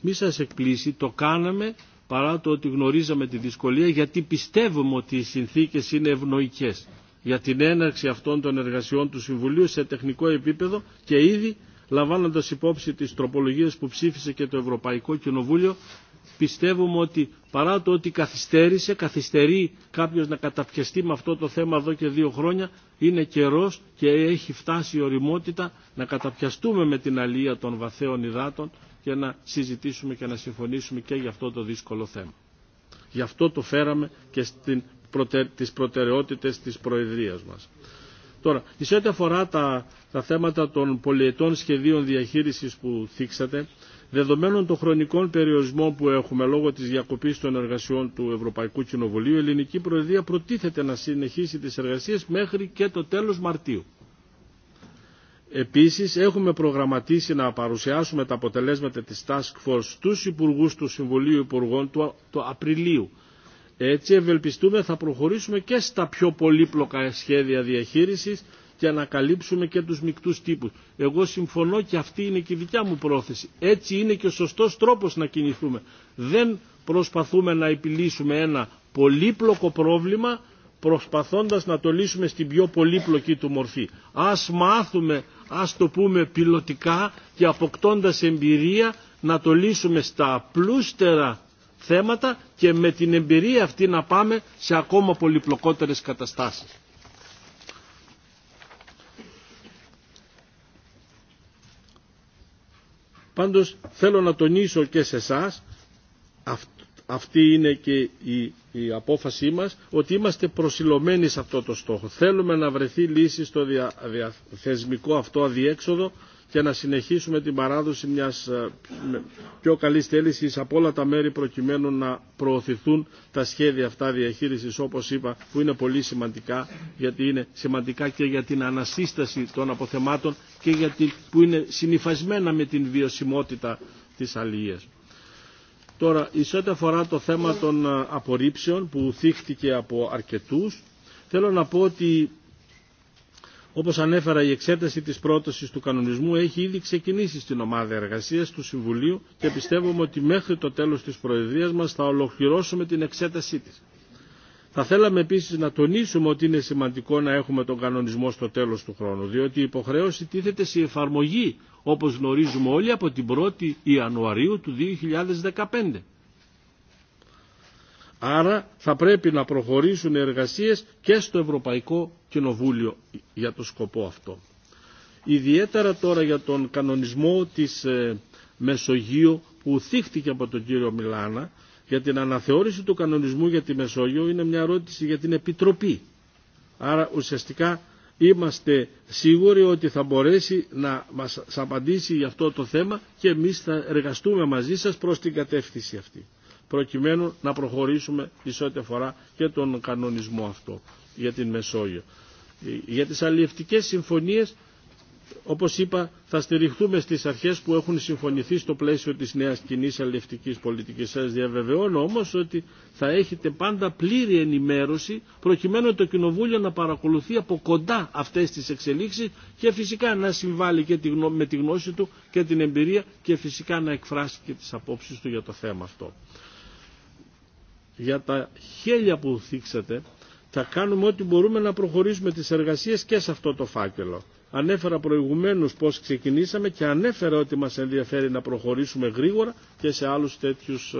μη σας εκπλήσει, το κάναμε παρά το ότι γνωρίζαμε τη δυσκολία γιατί πιστεύουμε ότι οι συνθήκες είναι ευνοϊκές για την έναρξη αυτών των εργασιών του Συμβουλίου σε τεχνικό επίπεδο και ήδη λαμβάνοντας υπόψη τις τροπολογίες που ψήφισε και το Ευρωπαϊκό Κοινοβούλιο πιστεύουμε ότι παρά το ότι καθυστέρησε, καθυστερεί κάποιος να καταπιαστεί με αυτό το θέμα εδώ και δύο χρόνια, είναι καιρός και έχει φτάσει η οριμότητα να καταπιαστούμε με την αλία των βαθαίων υδάτων και να συζητήσουμε και να συμφωνήσουμε και για αυτό το δύσκολο θέμα. Γι' αυτό το φέραμε και στην προτε... τις προτεραιότητες της Προεδρίας μας. Τώρα, σε ό,τι αφορά τα, θέματα των πολιετών σχεδίων διαχείρισης που θίξατε, Δεδομένων των χρονικών περιορισμών που έχουμε λόγω της διακοπής των εργασιών του Ευρωπαϊκού Κοινοβουλίου, η Ελληνική Προεδρία προτίθεται να συνεχίσει τις εργασίες μέχρι και το τέλος Μαρτίου. Επίσης, έχουμε προγραμματίσει να παρουσιάσουμε τα αποτελέσματα της Task Force στου υπουργού του Συμβουλίου Υπουργών του, το Απριλίου. Έτσι, ευελπιστούμε θα προχωρήσουμε και στα πιο πολύπλοκα σχέδια διαχείρισης και να καλύψουμε και τους μικτούς τύπους. Εγώ συμφωνώ και αυτή είναι και η δικιά μου πρόθεση. Έτσι είναι και ο σωστός τρόπος να κινηθούμε. Δεν προσπαθούμε να επιλύσουμε ένα πολύπλοκο πρόβλημα προσπαθώντας να το λύσουμε στην πιο πολύπλοκη του μορφή. Ας μάθουμε, ας το πούμε πιλωτικά και αποκτώντας εμπειρία να το λύσουμε στα απλούστερα θέματα και με την εμπειρία αυτή να πάμε σε ακόμα πολυπλοκότερες καταστάσεις. Πάντως θέλω να τονίσω και σε εσά αυτή είναι και η, απόφασή μας, ότι είμαστε προσιλωμένοι σε αυτό το στόχο. Θέλουμε να βρεθεί λύση στο δια, διαθεσμικό αυτό αδιέξοδο και να συνεχίσουμε την παράδοση μιας ε, πιο καλής θέλησης από όλα τα μέρη προκειμένου να προωθηθούν τα σχέδια αυτά διαχείρισης όπως είπα που είναι πολύ σημαντικά γιατί είναι σημαντικά και για την ανασύσταση των αποθεμάτων και γιατί, που είναι συνειφασμένα με την βιωσιμότητα της αλληλείας. Τώρα, σε ό,τι αφορά το θέμα των ε, απορρίψεων που θύχτηκε από αρκετούς, θέλω να πω ότι όπως ανέφερα, η εξέταση της πρότασης του κανονισμού έχει ήδη ξεκινήσει στην ομάδα εργασίας του Συμβουλίου και πιστεύουμε ότι μέχρι το τέλος της Προεδρίας μας θα ολοκληρώσουμε την εξέτασή της. Θα θέλαμε επίσης να τονίσουμε ότι είναι σημαντικό να έχουμε τον κανονισμό στο τέλος του χρόνου, διότι η υποχρέωση τίθεται σε εφαρμογή, όπως γνωρίζουμε όλοι, από την 1η Ιανουαρίου του 2015. Άρα θα πρέπει να προχωρήσουν οι εργασίες και στο Ευρωπαϊκό Κοινοβούλιο για το σκοπό αυτό. Ιδιαίτερα τώρα για τον κανονισμό της ε, Μεσογείου που θύχτηκε από τον κύριο Μιλάνα για την αναθεώρηση του κανονισμού για τη Μεσόγειο είναι μια ερώτηση για την Επιτροπή. Άρα ουσιαστικά είμαστε σίγουροι ότι θα μπορέσει να μας απαντήσει για αυτό το θέμα και εμείς θα εργαστούμε μαζί σας προς την κατεύθυνση αυτή προκειμένου να προχωρήσουμε εις ό,τι αφορά και τον κανονισμό αυτό για την Μεσόγειο. Για τις αλληλευτικές συμφωνίες, όπως είπα, θα στηριχτούμε στις αρχές που έχουν συμφωνηθεί στο πλαίσιο της νέας κοινή αλληλευτικής πολιτικής. Σας διαβεβαιώνω όμως ότι θα έχετε πάντα πλήρη ενημέρωση προκειμένου το Κοινοβούλιο να παρακολουθεί από κοντά αυτές τις εξελίξεις και φυσικά να συμβάλλει και με τη γνώση του και την εμπειρία και φυσικά να εκφράσει και τις απόψεις του για το θέμα αυτό για τα χέλια που θίξατε θα κάνουμε ό,τι μπορούμε να προχωρήσουμε τις εργασίες και σε αυτό το φάκελο. Ανέφερα προηγουμένως πώς ξεκινήσαμε και ανέφερα ότι μας ενδιαφέρει να προχωρήσουμε γρήγορα και σε άλλους τέτοιους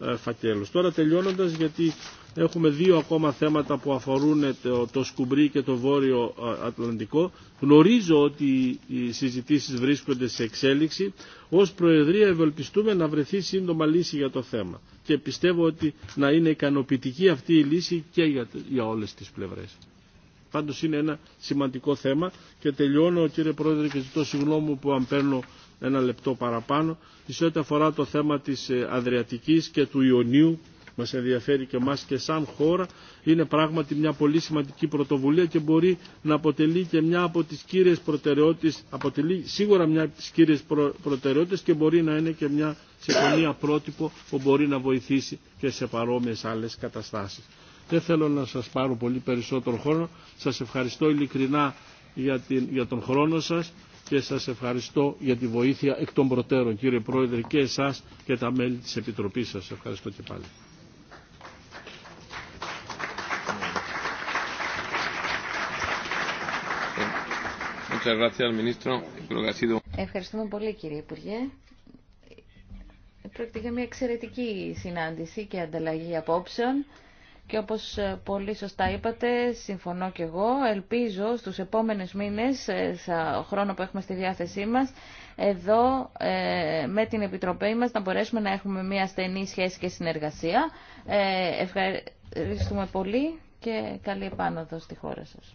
ε, ε, φακέλους. Τώρα τελειώνοντας γιατί έχουμε δύο ακόμα θέματα που αφορούν το, το Σκουμπρί και το Βόρειο ε, Ατλαντικό. Γνωρίζω ότι οι συζητήσεις βρίσκονται σε εξέλιξη. Ως Προεδρία ευελπιστούμε να βρεθεί σύντομα λύση για το θέμα και πιστεύω ότι να είναι ικανοποιητική αυτή η λύση και για, για όλες τις πλευρές. Πάντως είναι ένα σημαντικό θέμα και τελειώνω κύριε Πρόεδρε και ζητώ συγγνώμη που αν παίρνω ένα λεπτό παραπάνω σε ό,τι αφορά το θέμα της ε, Αδριατικής και του Ιωνίου μας ενδιαφέρει και μας και σαν χώρα είναι πράγματι μια πολύ σημαντική πρωτοβουλία και μπορεί να αποτελεί και μια από τις κύριες προτεραιότητες αποτελεί σίγουρα μια από τις κύριες προ, προτεραιότητες και μπορεί να είναι και μια συμφωνία πρότυπο που μπορεί να βοηθήσει και σε παρόμοιες άλλες καταστάσεις. Δεν θέλω να σας πάρω πολύ περισσότερο χρόνο. Σας ευχαριστώ ειλικρινά για, την, για τον χρόνο σας και σας ευχαριστώ για τη βοήθεια εκ των προτέρων κύριε Πρόεδρε και εσάς και τα μέλη της Επιτροπής σας. Ευχαριστώ και πάλι. Ευχαριστούμε πολύ κύριε Υπουργέ. Πρόκειται για μια εξαιρετική συνάντηση και ανταλλαγή απόψεων και όπως ε, πολύ σωστά είπατε, συμφωνώ και εγώ, ελπίζω στους επόμενες μήνες, στο ε, χρόνο που έχουμε στη διάθεσή μας, εδώ ε, με την Επιτροπή μας να μπορέσουμε να έχουμε μια στενή σχέση και συνεργασία. Ευχαριστούμε πολύ και καλή επάνωδο στη χώρα σας.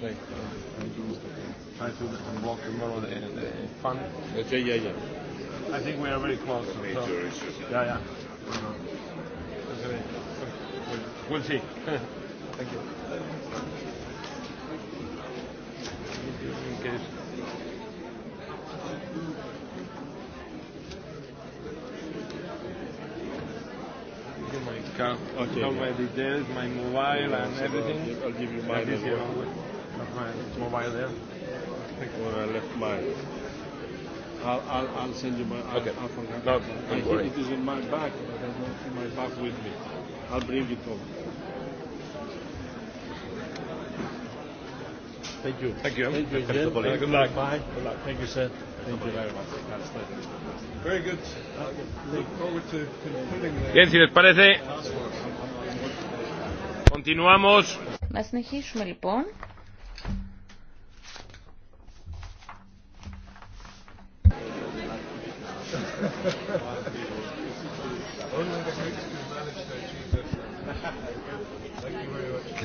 Thank you. car. Okay. All my details, my mobile and everything. I'll give you mine as well. mobile there. Well, I left mine. I'll, I'll, I'll send you my. Okay. I'll, I'll no, I worry. it is in my bag, but I don't see my bag with me. I'll bring it home. Thank you. Thank you. Thank you. Good luck. Bye. Good luck. Thank you, sir. Bien, si les parece. Continuamos. Να συνεχίσουμε λοιπόν.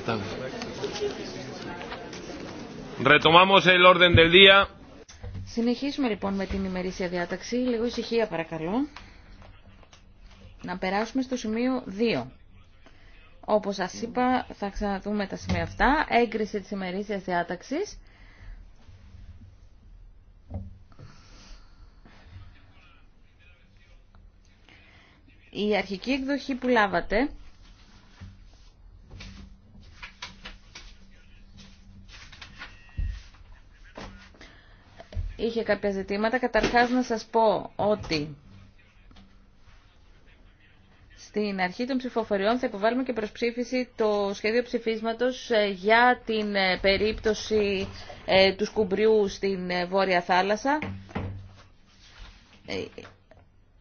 tal? Retomamos el orden del día. Συνεχίζουμε λοιπόν με την ημερήσια διάταξη. Λίγο ησυχία παρακαλώ. Να περάσουμε στο σημείο 2. Όπως σας είπα θα ξαναδούμε τα σημεία αυτά. Έγκριση της ημερήσιας διάταξης. Η αρχική εκδοχή που λάβατε είχε κάποια ζητήματα. Καταρχάς να σας πω ότι στην αρχή των ψηφοφοριών θα υποβάλουμε και προσψήφιση το σχέδιο ψηφίσματος ε, για την ε, περίπτωση ε, του σκουμπριού στην Βόρεια Θάλασσα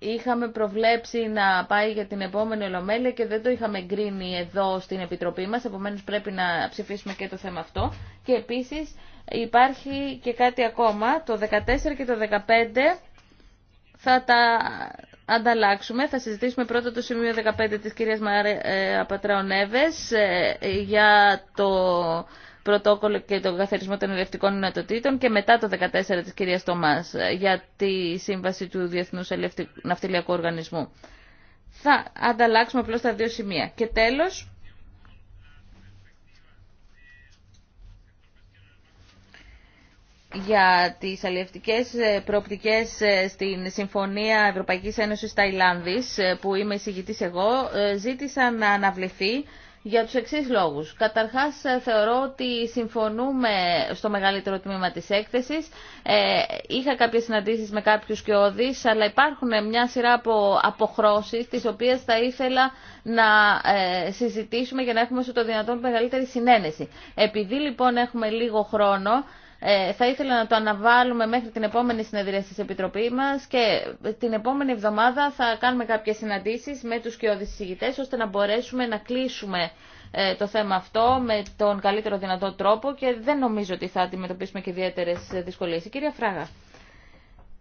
είχαμε προβλέψει να πάει για την επόμενη Ολομέλεια και δεν το είχαμε εγκρίνει εδώ στην Επιτροπή μας, επομένως πρέπει να ψηφίσουμε και το θέμα αυτό. Και επίσης υπάρχει και κάτι ακόμα, το 14 και το 15 θα τα ανταλλάξουμε. Θα συζητήσουμε πρώτα το σημείο 15 της κυρίας Μαρία ε, Πατραονέβες ε, για το πρωτόκολλο και τον καθαρισμό των ελευτικών δυνατοτήτων και μετά το 14 της κυρίας Τομάς ε, για τη σύμβαση του Διεθνούς Ναυτιλιακού Οργανισμού. Θα ανταλλάξουμε απλώς τα δύο σημεία. Και τέλος, για τις αλληλευτικές ε, προοπτικές ε, στην Συμφωνία Ευρωπαϊκής Ένωσης Ταϊλάνδης, που είμαι εισηγητής εγώ, ζήτησα να αναβληθεί για τους εξής λόγους. Καταρχάς ε, θεωρώ ότι συμφωνούμε στο μεγαλύτερο τμήμα της έκθεσης. Ε, είχα κάποιες συναντήσεις με κάποιους και αλλά υπάρχουν μια σειρά από αποχρώσεις τις οποίες θα ήθελα να ε, συζητήσουμε για να έχουμε στο το δυνατόν μεγαλύτερη συνένεση. Επειδή λοιπόν έχουμε λίγο χρόνο, ε, θα ήθελα να το αναβάλουμε μέχρι την επόμενη συνεδρία της Επιτροπή μας και την επόμενη εβδομάδα θα κάνουμε κάποιες συναντήσεις με τους κοιόδης ώστε να μπορέσουμε να κλείσουμε ε, το θέμα αυτό με τον καλύτερο δυνατό τρόπο και δεν νομίζω ότι θα αντιμετωπίσουμε και ιδιαίτερε δυσκολίες. Η κυρία Φράγα,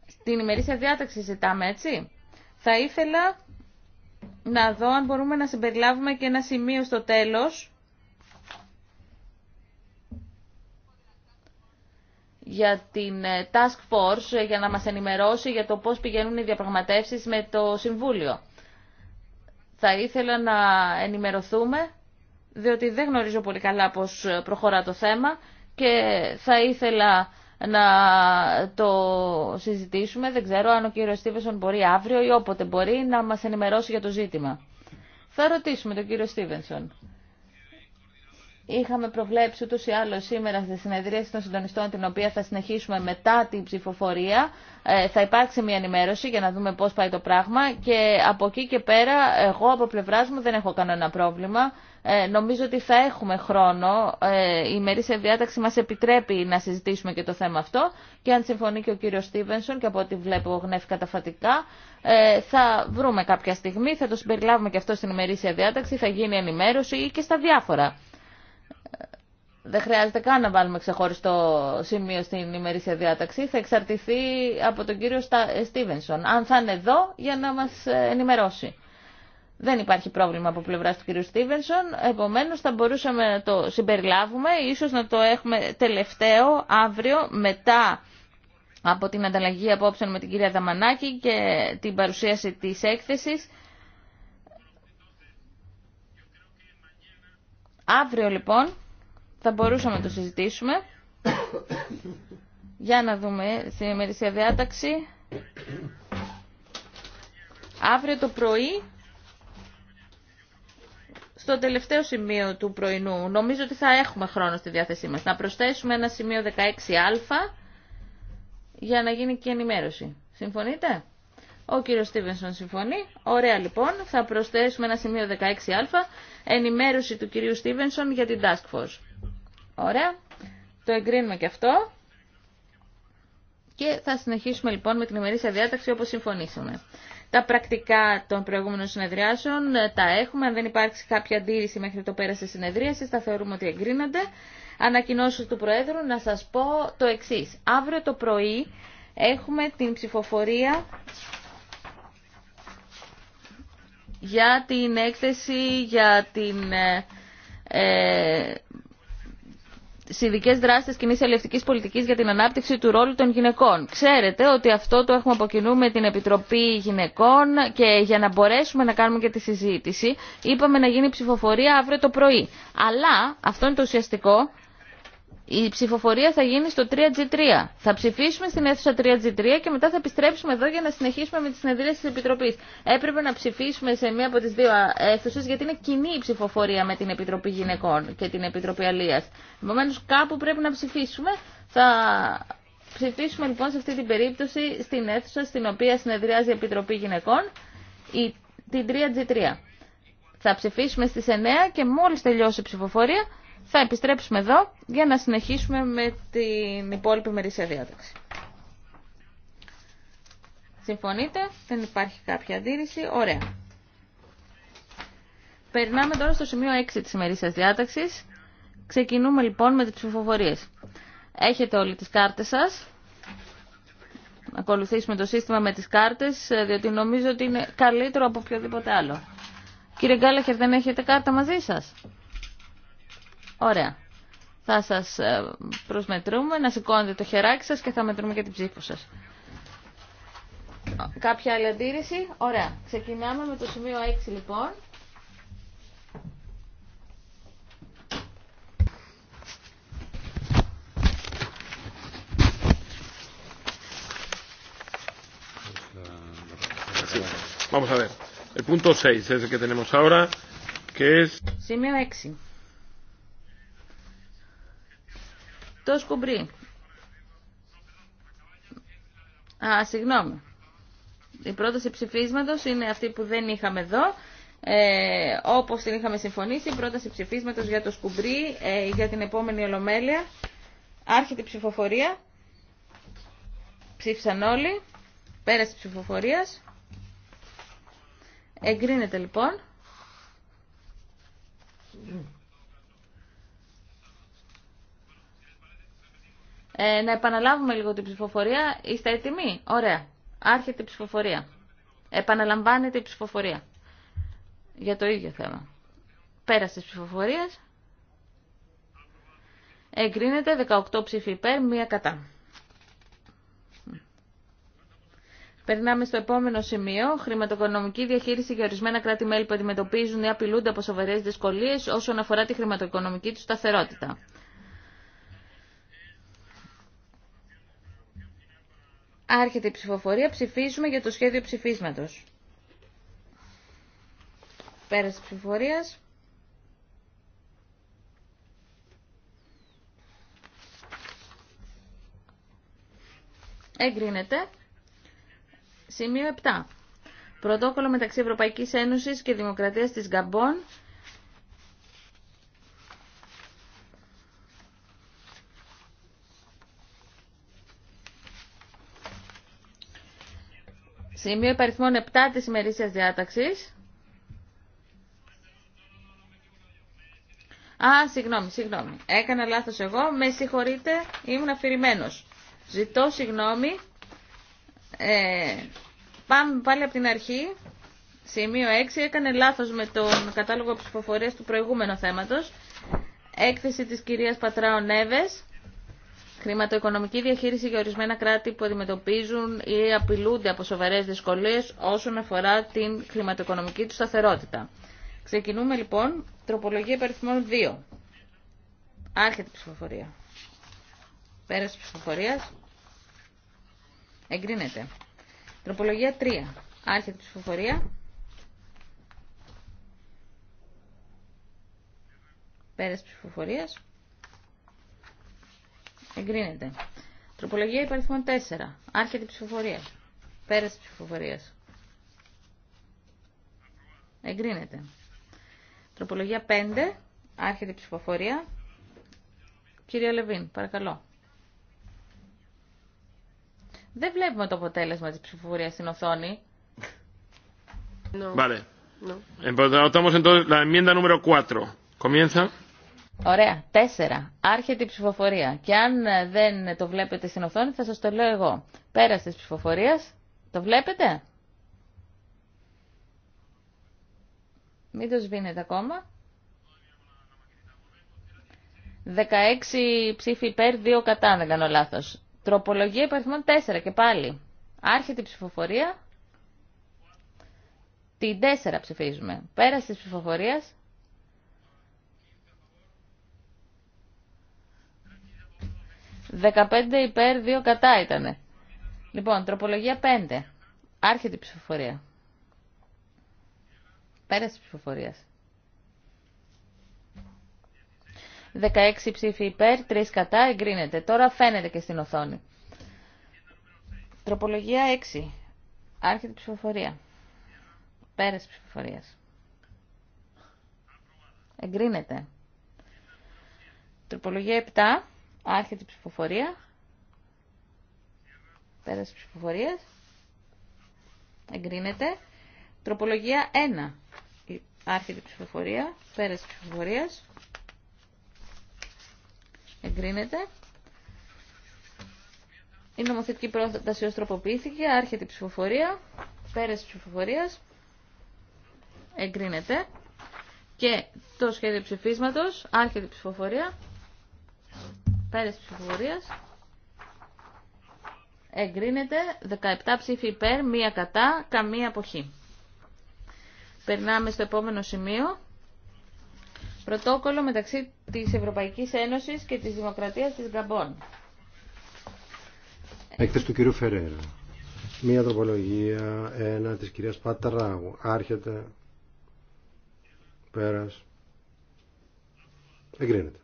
στην ημερήσια διάταξη ζητάμε έτσι. Θα ήθελα να δω αν μπορούμε να συμπεριλάβουμε και ένα σημείο στο τέλος για την ε, Task Force ε, για να μας ενημερώσει για το πώς πηγαίνουν οι διαπραγματεύσεις με το Συμβούλιο. Θα ήθελα να ενημερωθούμε, διότι δεν γνωρίζω πολύ καλά πώς ε, προχωρά το θέμα και θα ήθελα να το συζητήσουμε. Δεν ξέρω αν ο κύριος Στίβενσον μπορεί αύριο ή όποτε μπορεί να μας ενημερώσει για το ζήτημα. Θα ρωτήσουμε τον κύριο Στίβενσον. Είχαμε προβλέψει ούτως ή άλλως σήμερα στη συνεδρίαση των συντονιστών την οποία θα συνεχίσουμε μετά την ψηφοφορία. Ε, θα υπάρξει μια ενημέρωση για να δούμε πώς πάει το πράγμα και από εκεί και πέρα εγώ από πλευρά μου δεν έχω κανένα πρόβλημα. Ε, νομίζω ότι θα έχουμε χρόνο. Ε, η ημερήσια διάταξη μας επιτρέπει να συζητήσουμε και το θέμα αυτό και αν συμφωνεί και ο κύριος Στίβενσον και από ό,τι βλέπω γνέφει καταφατικά ε, θα βρούμε κάποια στιγμή, θα το συμπεριλάβουμε και αυτό στην ημερήσια διάταξη, θα γίνει ενημέρωση ή και στα διάφορα δεν χρειάζεται καν να βάλουμε ξεχωριστό σημείο στην ημερήσια διάταξη. Θα εξαρτηθεί από τον κύριο ε, Στίβενσον, αν θα είναι εδώ για να μας ε, ενημερώσει. Δεν υπάρχει πρόβλημα από πλευρά του κυρίου Στίβενσον, επομένως θα μπορούσαμε να το συμπεριλάβουμε, ίσως να το έχουμε τελευταίο αύριο μετά από την ανταλλαγή απόψεων με την κυρία Δαμανάκη και την παρουσίαση της έκθεσης. Αύριο λοιπόν θα μπορούσαμε να το συζητήσουμε. Για να δούμε στην ημερησία διάταξη. Αύριο το πρωί, στο τελευταίο σημείο του πρωινού, νομίζω ότι θα έχουμε χρόνο στη διάθεσή μας. Να προσθέσουμε ένα σημείο 16α για να γίνει και ενημέρωση. Συμφωνείτε? Ο κύριος Στίβενσον συμφωνεί. Ωραία λοιπόν, θα προσθέσουμε ένα σημείο 16α, ενημέρωση του κυρίου Στίβενσον για την Task Force. Ωραία. Το εγκρίνουμε και αυτό. Και θα συνεχίσουμε λοιπόν με την ημερήσια διάταξη όπως συμφωνήσαμε. Τα πρακτικά των προηγούμενων συνεδριάσεων ε, τα έχουμε. Αν δεν υπάρξει κάποια αντίρρηση μέχρι το πέρας της συνεδρίασης, θα θεωρούμε ότι εγκρίνονται. Ανακοινώσεις του Προέδρου να σας πω το εξή. Αύριο το πρωί έχουμε την ψηφοφορία για την έκθεση για την... Ε, ε ειδικέ δράσει τη κοινή ελευθερική πολιτική για την ανάπτυξη του ρόλου των γυναικών. Ξέρετε ότι αυτό το έχουμε από με την Επιτροπή Γυναικών και για να μπορέσουμε να κάνουμε και τη συζήτηση είπαμε να γίνει ψηφοφορία αύριο το πρωί. Αλλά, αυτό είναι το ουσιαστικό, η ψηφοφορία θα γίνει στο 3G3. Θα ψηφίσουμε στην αίθουσα 3G3 και μετά θα επιστρέψουμε εδώ για να συνεχίσουμε με τις συνεδρίες τη Επιτροπή. Έπρεπε να ψηφίσουμε σε μία από τι δύο αίθουσε γιατί είναι κοινή η ψηφοφορία με την Επιτροπή Γυναικών και την Επιτροπή Αλία. Επομένω, κάπου πρέπει να ψηφίσουμε. Θα ψηφίσουμε λοιπόν σε αυτή την περίπτωση στην αίθουσα στην οποία συνεδριάζει η Επιτροπή Γυναικών την 3G3. Θα ψηφίσουμε στις 9 και μόλις τελειώσει η ψηφοφορία θα επιστρέψουμε εδώ για να συνεχίσουμε με την υπόλοιπη μερίσια διάταξη. Συμφωνείτε, δεν υπάρχει κάποια αντίρρηση. Ωραία. Περνάμε τώρα στο σημείο 6 της ημερήσιας διάταξης. Ξεκινούμε λοιπόν με τις ψηφοφορίες. Έχετε όλοι τις κάρτες σας. Να ακολουθήσουμε το σύστημα με τις κάρτες, διότι νομίζω ότι είναι καλύτερο από οποιοδήποτε άλλο. Κύριε Γκάλαχερ, δεν έχετε κάρτα μαζί σας. Ωραία. Θα σα ε, προσμετρούμε, να σηκώνετε το χεράκι σα και θα μετρούμε και την ψήφο σα. Κάποια άλλη αντίρρηση. Ωραία. Ξεκινάμε με το σημείο 6 λοιπόν. Vamos a ver. El punto 6 es el que tenemos Σημείο 6. Το σκουμπρί. Α, συγγνώμη. Η πρόταση ψηφίσματος είναι αυτή που δεν είχαμε εδώ. Ε, όπως την είχαμε συμφωνήσει, η πρόταση ψηφίσματος για το σκουμπρί, ε, για την επόμενη ολομέλεια. Άρχεται η ψηφοφορία. Ψήφισαν όλοι. Πέρασε ψηφοφορίας. Εγκρίνεται λοιπόν. Ε, να επαναλάβουμε λίγο την ψηφοφορία. Είστε έτοιμοι. Ωραία. Άρχεται η ψηφοφορία. Επαναλαμβάνεται η ψηφοφορία. Για το ίδιο θέμα. Πέρασε τις ψηφοφορίες. Εγκρίνεται 18 ψήφοι υπέρ, 1 κατά. Περνάμε στο επόμενο σημείο. Χρηματοοικονομική διαχείριση για ορισμένα κράτη-μέλη που αντιμετωπίζουν ή απειλούνται από σοβαρέ δυσκολίε όσον αφορά τη χρηματοοικονομική του σταθερότητα. Άρχεται η ψηφοφορία. Ψηφίζουμε για το σχέδιο ψηφίσματος. Πέρας της ψηφοφορίας. Εγκρίνεται. Σημείο 7. Πρωτόκολλο μεταξύ Ευρωπαϊκής Ένωσης και Δημοκρατίας της Γκαμπών Σημείο υπαριθμών 7 της ημερήσιας διάταξης. Α, συγγνώμη, συγγνώμη. Έκανα λάθος εγώ. Με συγχωρείτε, ήμουν αφηρημένος. Ζητώ συγγνώμη. Ε, πάμε πάλι από την αρχή. Σημείο 6. Έκανε λάθος με τον κατάλογο ψηφοφορίας του προηγούμενου θέματος. Έκθεση της κυρίας Πατράων Νέβες χρηματοοικονομική διαχείριση για ορισμένα κράτη που αντιμετωπίζουν ή απειλούνται από σοβαρές δυσκολίες όσον αφορά την χρηματοοικονομική του σταθερότητα. Ξεκινούμε λοιπόν τροπολογία υπαριθμών 2. Άρχεται η ψηφοφορία. Πέραση ψηφοφορίας. Εγκρίνεται. Τροπολογία τροπολογια υπεριθμών Άρχεται η ψηφοφορια περαση ψηφοφορία εγκρινεται Πέραση ψηφοφορίας. Εγκρίνεται. Τροπολογία υπαριθμών 4. Άρχεται η ψηφοφορία. Πέραση ψηφοφορία. Εγκρίνεται. Τροπολογία 5. Άρχεται η ψηφοφορία. Κυρία Λεβίν, παρακαλώ. Δεν βλέπουμε το αποτέλεσμα της ψηφοφορίας στην οθόνη. Βάλε. Vale. No. Votamos entonces la 4. Comienza. Ωραία. Τέσσερα. Άρχεται η ψηφοφορία. Και αν ε, δεν το βλέπετε στην οθόνη θα σας το λέω εγώ. Πέρας τη ψηφοφορίας. Το βλέπετε. Μην το σβήνετε ακόμα. 16 ψήφοι υπέρ, 2 κατά, αν δεν κάνω λάθος. Τροπολογία υπαριθμών 4 και πάλι. Άρχεται η ψηφοφορία. Την 4 ψηφίζουμε. Πέρα τη ψηφοφορία. 15 υπέρ, 2 κατά ήταν. Λοιπόν, τροπολογία 5. Άρχεται η ψηφοφορία. Πέρασε τη ψηφοφορία. 16 ψήφοι υπέρ, 3 κατά, εγκρίνεται. Τώρα φαίνεται και στην οθόνη. Τροπολογία 6. Άρχεται η ψηφοφορία. Πέρασε ψηφοφορία. Εγκρίνεται. Τροπολογία 7. Άρχεται η ψηφοφορία. Πέραση ψηφοφορία. Εγκρίνεται. Τροπολογία 1. Άρχεται η ψηφοφορία. Πέραση ψηφοφορία. Εγκρίνεται. Η νομοθετική πρόταση ως τροποποιήθηκε. Άρχεται η ψηφοφορία. Πέραση ψηφοφορία. Εγκρίνεται. Και το σχέδιο ψηφίσματος. Άρχεται η ψηφοφορία τη ψηφοφορία. Εγκρίνεται 17 ψήφοι υπέρ, μία κατά, καμία αποχή. Περνάμε στο επόμενο σημείο. Πρωτόκολλο μεταξύ της Ευρωπαϊκής Ένωσης και της Δημοκρατίας της Γκαμπών. Έκθεση του κυρίου Φερέρα. Μία τροπολογία, ένα της κυρίας Πατράγου. Άρχεται. Πέρας. Εγκρίνεται.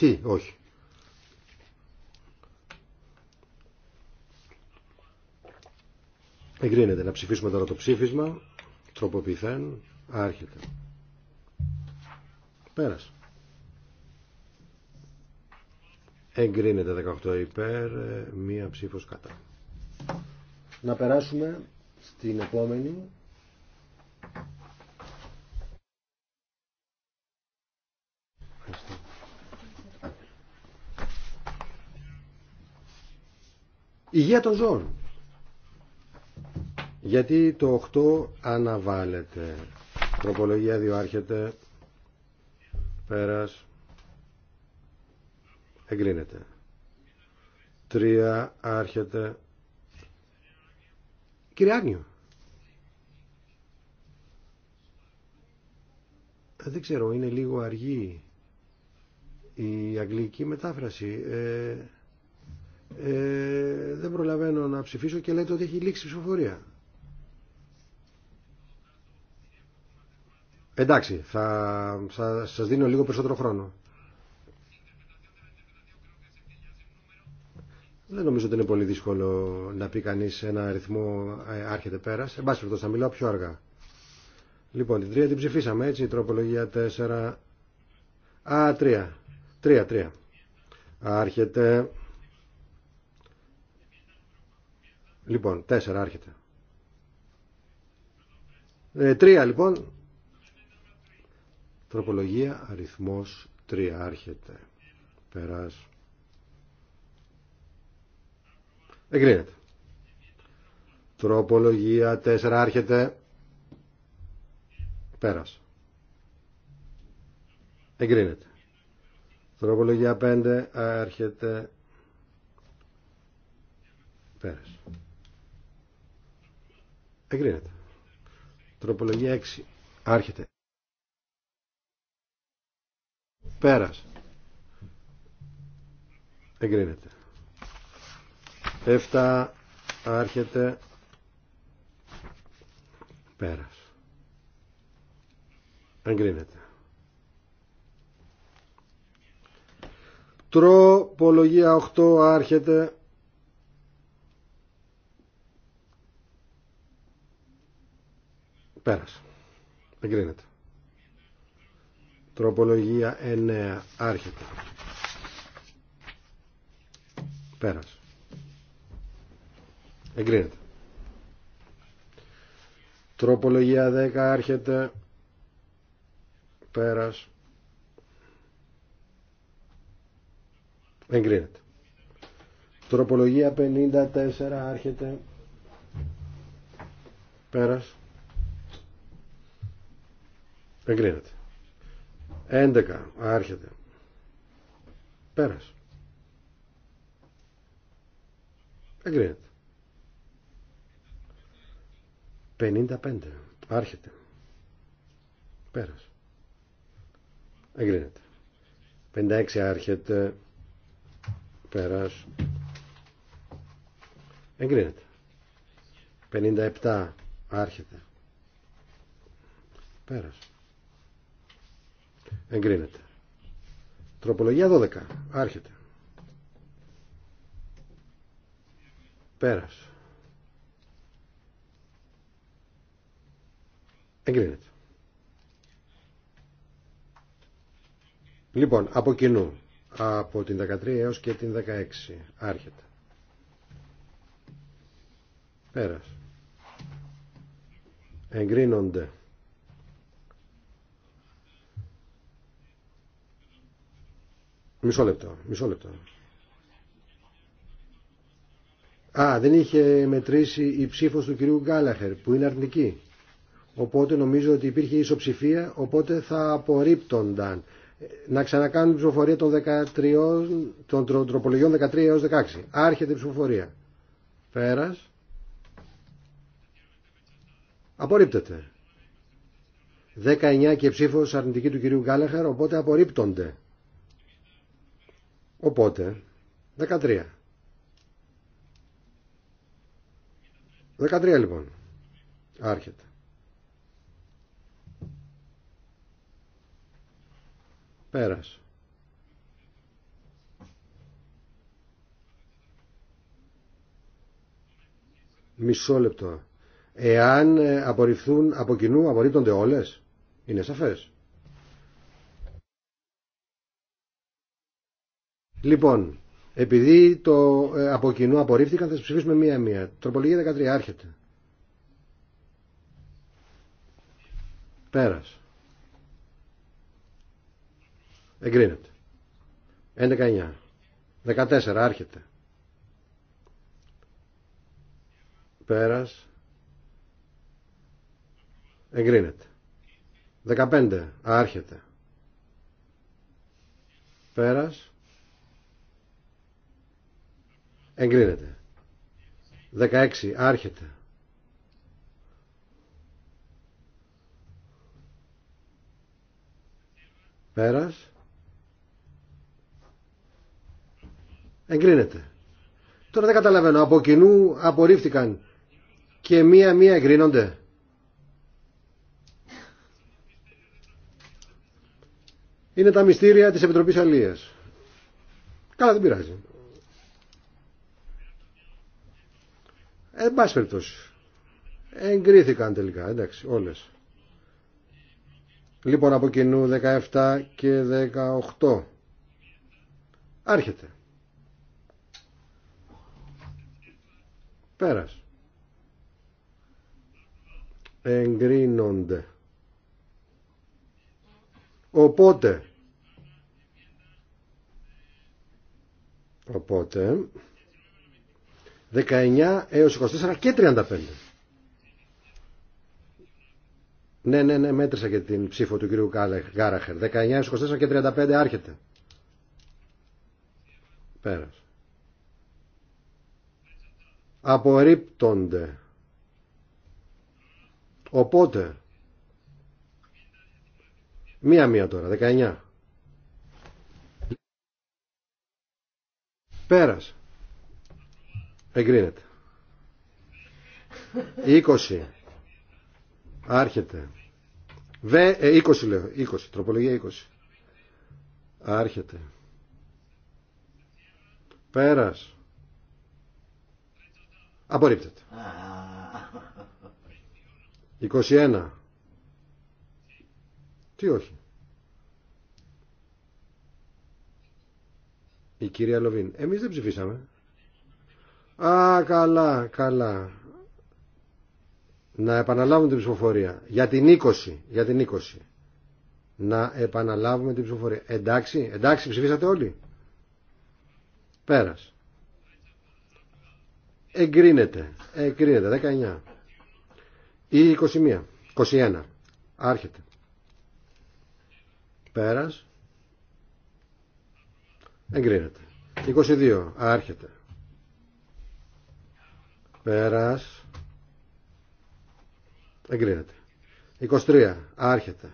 Τι, όχι. Εγκρίνεται να ψηφίσουμε τώρα το ψήφισμα. Τροποποιηθέν. Άρχεται. Πέρασε. Εγκρίνεται 18 υπέρ, ε, μία ψήφος κατά. Να περάσουμε στην επόμενη υγεία των ζώων. Γιατί το 8 αναβάλλεται. Τροπολογία 2 άρχεται. Πέρας. Εγκρίνεται. 3 άρχεται. Κύριε Άγνιο. Ε, δεν ξέρω, είναι λίγο αργή η αγγλική μετάφραση. Ε, ε, δεν προλαβαίνω να ψηφίσω και λέτε ότι έχει λήξει η ψηφοφορία. Εντάξει, θα, θα σας δίνω λίγο περισσότερο χρόνο. Δεν νομίζω ότι είναι πολύ δύσκολο να πει κανείς ένα αριθμό ε, άρχεται πέρας. Εν πάση θα μιλάω πιο αργά. Λοιπόν, την τρία την ψηφίσαμε έτσι, η τροπολογία 4. Α, 3. 3, 3. Άρχεται. Λοιπόν, τέσσερα άρχεται. Ε, τρία λοιπόν. Τροπολογία αριθμός τρία άρχεται. Περάς. Εγκρίνεται. Τροπολογία τέσσερα άρχεται. Πέρας. Εγκρίνεται. Τροπολογία 5 άρχεται πέρας. Εγκρίνεται. Τροπολογία 6. Άρχεται. Πέρας. Εγκρίνεται. 7. Άρχεται. Πέρας. Εγκρίνεται. Τροπολογία 8. Άρχεται. Πέρασε. Εγκρίνεται. Τροπολογία 9. Άρχεται. Πέρασε. Εγκρίνεται. Τροπολογία 10. Άρχεται. Πέρασε. Εγκρίνεται. Τροπολογία 54. Άρχεται. Πέρασε. Εγκρίνεται. 11. Άρχεται. Πέρας. Εγκρίνεται. 55. Άρχεται. Πέρας. Εγκρίνεται. 56. Άρχεται. Πέρας. Εγκρίνεται. 57. Άρχεται. Πέρας. Εγκρίνεται. Τροπολογία 12. Άρχεται. Πέρας. Εγκρίνεται. Λοιπόν, από κοινού. Από την 13 έως και την 16. Άρχεται. Πέρας. Εγκρίνονται. Μισό λεπτό, Α, δεν είχε μετρήσει η ψήφος του κυρίου Γκάλαχερ που είναι αρνητική. Οπότε νομίζω ότι υπήρχε ισοψηφία, οπότε θα απορρίπτονταν. Να ξανακάνουν ψηφοφορία των, 13, των τροπολογιών 13 έως 16. Άρχεται η ψηφοφορία. Πέρας. Απορρίπτεται. 19 και ψήφος αρνητική του κυρίου Γκάλαχερ, οπότε απορρίπτονται. Οπότε, 13. 13 λοιπόν. Άρχεται. Πέρασε. Μισό λεπτό. Εάν ε, απορριφθούν από κοινού, απορρίπτονται όλες. Είναι σαφές. Λοιπόν, επειδή το ε, από κοινού απορρίφθηκαν, θα ψηφίσουμε μία-μία. Τροπολογία 13, άρχεται. Πέρας. Εγκρίνεται. 11-9. 14, άρχεται. Πέρας. Εγκρίνεται. 15, άρχεται. Πέρας. Εγκρίνεται. 16. Άρχεται. Πέρας. Εγκρίνεται. Τώρα δεν καταλαβαίνω. Από κοινού απορρίφθηκαν και μία-μία εγκρίνονται. Είναι τα μυστήρια της Επιτροπής Αλίας. Καλά δεν πειράζει. Ε, εν πάση περιπτώσει. Εγκρίθηκαν τελικά, εντάξει, όλες. Λοιπόν, από κοινού 17 και 18. Άρχεται. Πέρας. Εγκρίνονται. Οπότε, οπότε, 19 έως 24 και 35. Ναι, ναι, ναι, μέτρησα και την ψήφο του κυρίου Γκάραχερ. 19 έως 24 και 35 άρχεται. Πέρας. Απορρίπτονται. Οπότε, μία-μία τώρα, 19. πέρασε Εγκρίνεται. 20. Άρχεται. 20 ε, λέω. 20. Τροπολογία 20. Άρχεται. Πέρας. Απορρίπτεται. 21. Τι όχι. Η κυρία Λοβίν. Εμείς δεν ψηφίσαμε. Α, καλά, καλά. Να επαναλάβουμε την ψηφοφορία. Για την 20. Για την 20. Να επαναλάβουμε την ψηφοφορία. Εντάξει, εντάξει, ψηφίσατε όλοι. Πέρας. Εγκρίνεται. Εγκρίνεται. 19. Ή 21. 21. Άρχεται. Πέρας. Εγκρίνεται. 22. Άρχεται. Πέρας. Εγκρίνεται. 23. Άρχεται.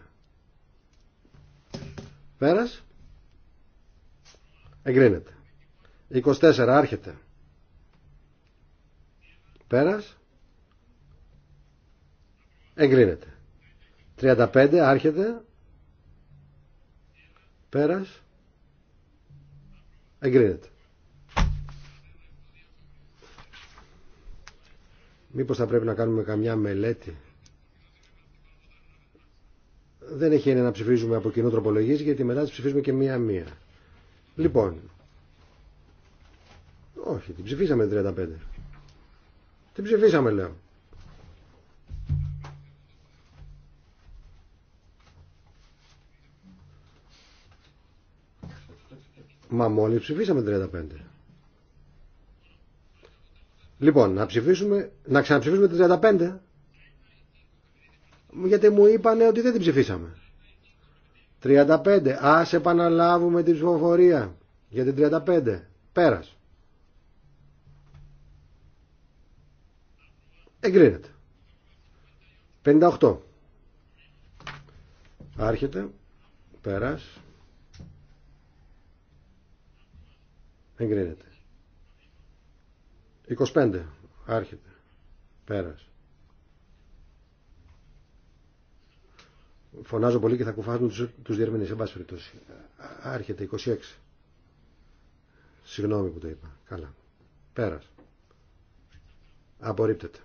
Πέρας. Εγκρίνεται. 24. Άρχεται. Πέρας. Εγκρίνεται. 35. Άρχεται. Πέρας. Εγκρίνεται. Μήπως θα πρέπει να κάνουμε καμιά μελέτη. Δεν έχει έννοια να ψηφίζουμε από κοινό τροπολογίες γιατί μετά τις ψηφίζουμε και μία-μία. Λοιπόν, όχι, την ψηφίσαμε 35. Την ψηφίσαμε λέω. Μα μόλις ψηφίσαμε 35. Λοιπόν, να ψηφίσουμε, να ξαναψηφίσουμε την 35. Γιατί μου είπανε ότι δεν την ψηφίσαμε. 35. Ας επαναλάβουμε την ψηφοφορία για την 35. Πέρας. Εγκρίνεται. 58. Άρχεται. Πέρας. Εγκρίνεται. 25 άρχεται πέρας φωνάζω πολύ και θα κουφάζουν τους, τους διερμηνείς εν πάση περιπτώσει άρχεται 26 συγγνώμη που το είπα καλά πέρας απορρίπτεται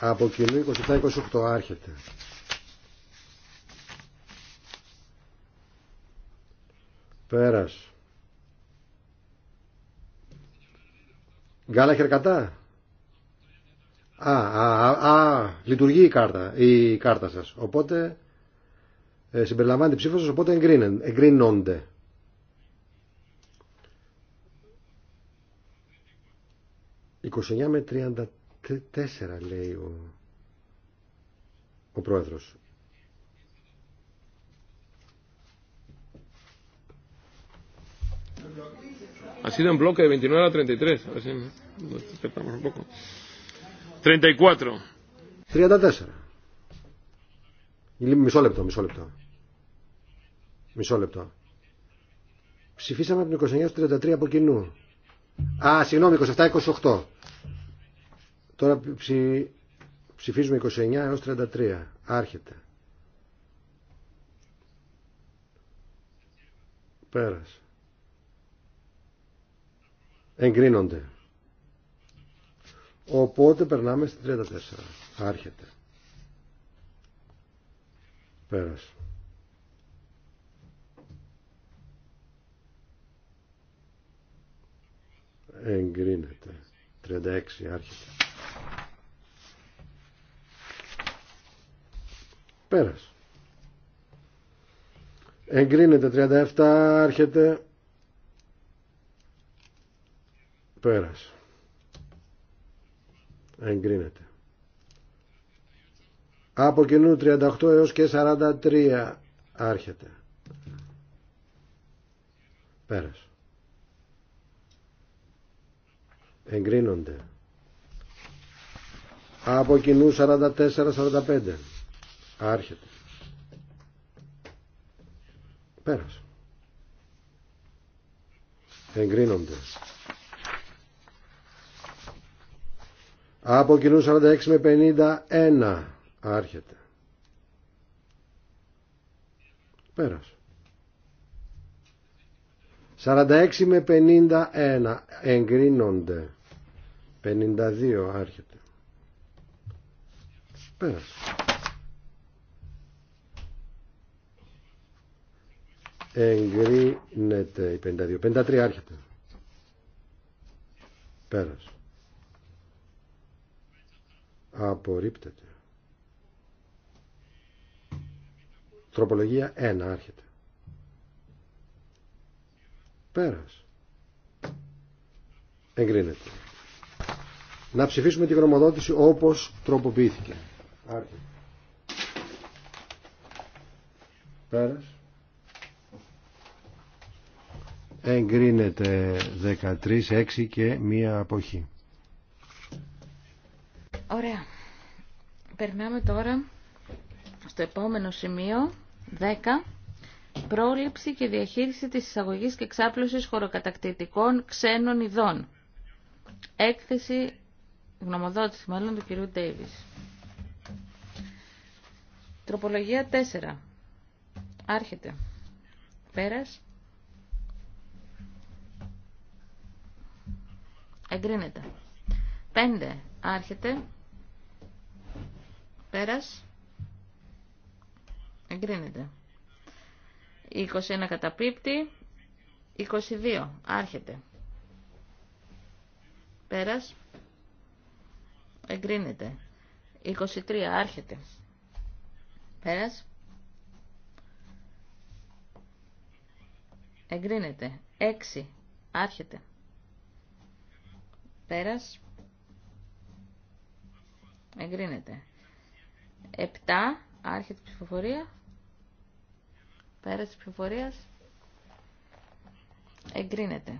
από κοινού 27-28 άρχεται πέρας Γκάλα χερκατά. Α, α, α, λειτουργεί η κάρτα, η κάρτα σας. Οπότε ε, συμπεριλαμβάνεται η ψήφο σας, οπότε εγκρίνονται. «29 με 34» λέει ο, ο Ha sido en bloque de 29 a 33. A ver si un poco. 34. 34. Μισό λεπτό, μισό λεπτό. Μισό λεπτό. Ψηφίσαμε από την 29 στο 33 από κοινού. Α, συγγνώμη, 27-28. Τώρα ψη... ψηφίζουμε 29 έως 33. Άρχεται. Πέρασε εγκρίνονται. Οπότε περνάμε στη 34. Άρχεται. Πέρασε. Εγκρίνεται. 36. Άρχεται. Πέρασε. Εγκρίνεται. 37. Άρχεται. Πέρας. Εγκρίνεται. Από κοινού 38 έως και 43 άρχεται. Πέρας. Εγκρίνονται. Από κοινού 44-45 άρχεται. Πέρας. Εγκρίνονται. Από κοινού 46 με 51 άρχεται. Πέρασε. 46 με 51 εγκρίνονται. 52 άρχεται. Πέρασε. Εγκρίνεται η 52. 53 άρχεται. Πέρασε. Απορρίπτεται. Τροπολογία 1 άρχεται. Πέρας. Εγκρίνεται. Να ψηφίσουμε τη γνωμοδότηση όπως τροποποιήθηκε. Άρχεται. Πέρας. Εγκρίνεται 13, 6 και μία αποχή. Ωραία. Περνάμε τώρα στο επόμενο σημείο, 10. Πρόληψη και διαχείριση της εισαγωγής και εξάπλωσης χωροκατακτητικών ξένων ειδών. Έκθεση, γνωμοδότηση μάλλον του κυρίου Ντέιβις. Τροπολογία 4. Άρχεται. Πέρας. Εγκρίνεται. 5. Άρχεται. Πέρας. Εγκρίνεται. 21 καταπίπτει. 22. Άρχεται. Πέρας. Εγκρίνεται. 23. Άρχεται. Πέρας. Εγκρίνεται. 6. Άρχεται. Πέρας. Εγκρίνεται. 7. Άρχεται η ψηφοφορία. Πέρα της ψηφοφορίας. Εγκρίνεται.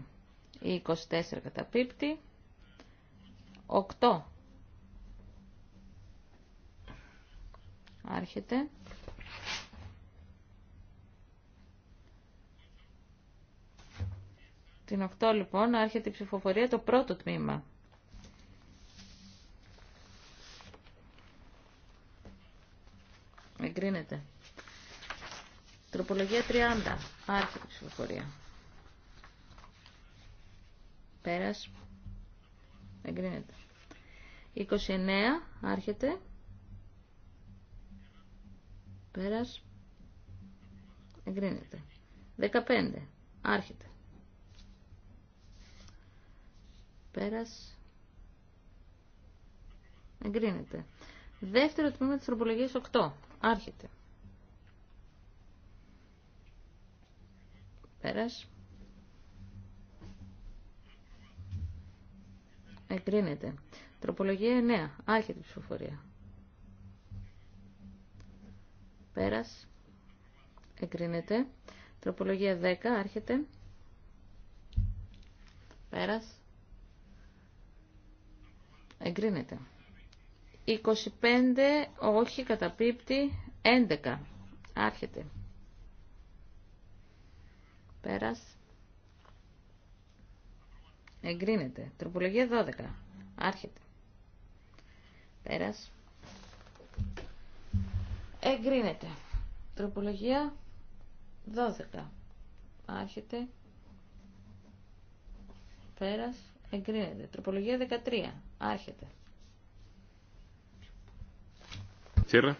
Η 24 καταπίπτει. 8. Άρχεται. Την 8 λοιπόν άρχεται η ψηφοφορία το πρώτο τμήμα. Εγκρίνεται. Τροπολογία 30. Άρχεται η ψηφοφορία. Πέρας. Εγκρίνεται. 29. Άρχεται. Πέρας. Εγκρίνεται. 15. Άρχεται. Πέρας. Εγκρίνεται. Δεύτερο τμήμα της τροπολογίας 8. Άρχεται. Πέρας. Εγκρίνεται. Τροπολογία 9. Άρχεται η ψηφοφορία. Πέρας. Εγκρίνεται. Τροπολογία 10. Άρχεται. Πέρας. Εγκρίνεται. 25, όχι, καταπίπτει. 11. Άρχεται. Πέρας. Εγκρίνεται. Τροπολογία 12. Άρχεται. Πέρας. Εγκρίνεται. Τροπολογία 12. Άρχεται. Πέρας. Εγκρίνεται. Τροπολογία 13. Άρχεται. Πέρας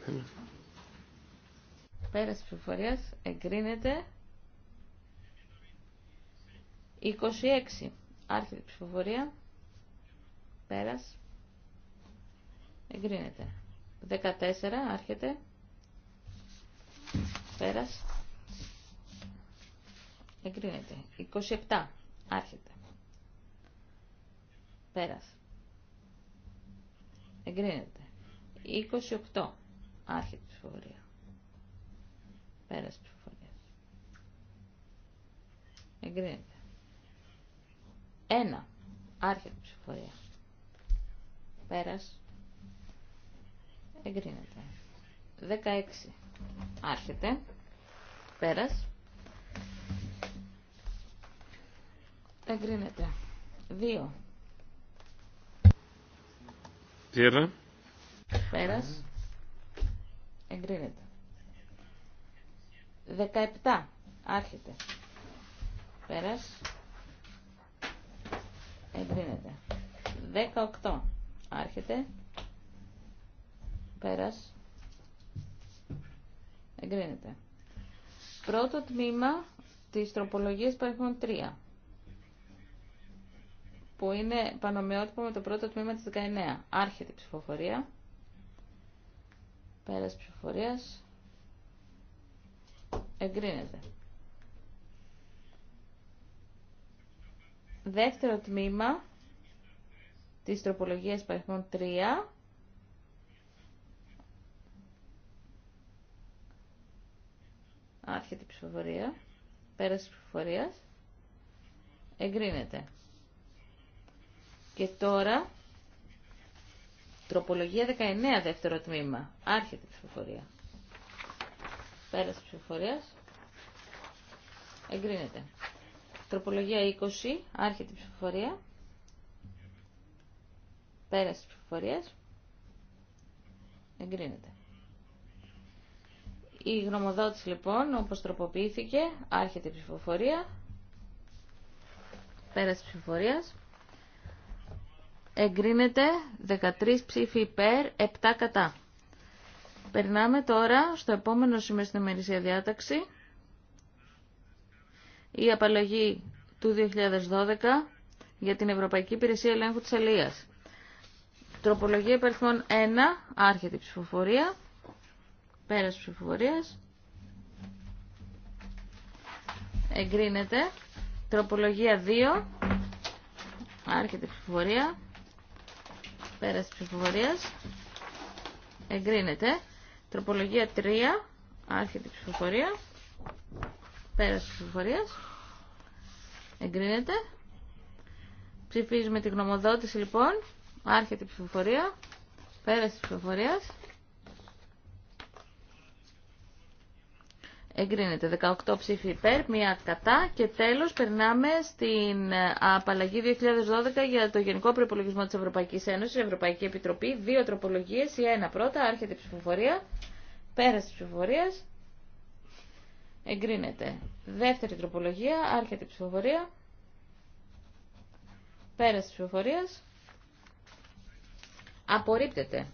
Πέραση πληροφορία εγκρίνεται 26. Άρχεται ψηφοφορία. Πέρας. Εγκρίνεται. 14. Άρχεται. Πέρας. Εγκρίνεται. 27. Άρχεται. Πέρας. Εγκρίνεται. 28. Άρχη ψηφοφορία. Πέρας ψηφοφορία. Εγκρίνεται. Ένα. Άρχη ψηφοφορία. Πέρας. Εγκρίνεται. Δεκαέξι. Άρχεται. Πέρας. Εγκρίνεται. Δύο. Πέρα. Πέρας. Εγκρίνεται. 17. Άρχεται. Πέρας. Εγκρίνεται. 18. Άρχεται. Πέρας. Εγκρίνεται. Πρώτο τμήμα της τροπολογίας παριθμών 3 που είναι πανομοιότυπο με το πρώτο τμήμα της 19. Άρχεται η ψηφοφορία. Πέρας ψηφοφορίας. Εγκρίνεται. Δεύτερο τμήμα της τροπολογίας παριθμών 3. Άρχεται η ψηφοφορία. Πέρας της ψηφοφορίας. Εγκρίνεται. Και τώρα Τροπολογία 19, δεύτερο τμήμα. Άρχεται η ψηφοφορία. Πέραση ψηφοφορία. Εγκρίνεται. Τροπολογία 20, άρχεται η ψηφοφορία. Πέραση ψηφοφορία. Εγκρίνεται. Η γνωμοδότηση λοιπόν, όπως τροποποιήθηκε, άρχεται η ψηφοφορία. Πέραση ψηφοφορίας εγκρίνεται 13 ψήφοι υπέρ, 7 κατά. Περνάμε τώρα στο επόμενο σημείο στην ημερησία διάταξη. Η απαλλαγή του 2012 για την Ευρωπαϊκή Υπηρεσία Ελέγχου της Αλίας. Τροπολογία υπερθμών 1, άρχεται η ψηφοφορία, πέρας ψηφοφορίας, εγκρίνεται. Τροπολογία 2, άρχεται η ψηφοφορία, Πέρας τη ψηφοφορίας. Εγκρίνεται. Τροπολογία 3. Άρχεται η ψηφοφορία. Πέρας τη ψηφοφορίας. Εγκρίνεται. Ψηφίζουμε τη γνωμοδότηση λοιπόν. Άρχεται η ψηφοφορία. Πέρας τη ψηφοφορίας. εγκρίνεται. 18 ψήφοι υπέρ, μία κατά και τέλος περνάμε στην ε, απαλλαγή 2012 για το Γενικό Προπολογισμό της Ευρωπαϊκής Ένωσης, Ευρωπαϊκή Επιτροπή, δύο τροπολογίες, η ένα πρώτα, άρχεται η ψηφοφορία, πέρας της ψηφοφορίας, εγκρίνεται. Δεύτερη τροπολογία, άρχεται η ψηφοφορία, πέρας της ψηφοφορίας, απορρίπτεται.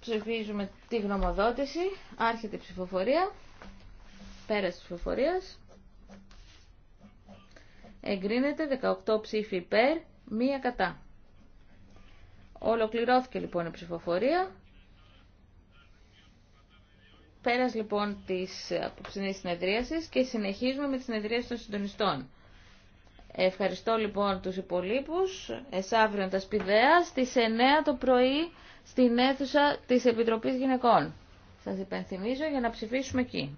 Ψηφίζουμε τη γνωμοδότηση. Άρχεται η ψηφοφορία. Πέρας της ψηφοφορίας. Εγκρίνεται 18 ψήφοι υπέρ, μία κατά. Ολοκληρώθηκε λοιπόν η ψηφοφορία. Πέρας λοιπόν της απόψινής συνεδρίασης και συνεχίζουμε με τη συνεδρίαση των συντονιστών. Ευχαριστώ λοιπόν τους υπολείπους, εσάβριον τα σπηδαία, στις 9 το πρωί στην αίθουσα της Επιτροπής Γυναικών. Σας υπενθυμίζω για να ψηφίσουμε εκεί.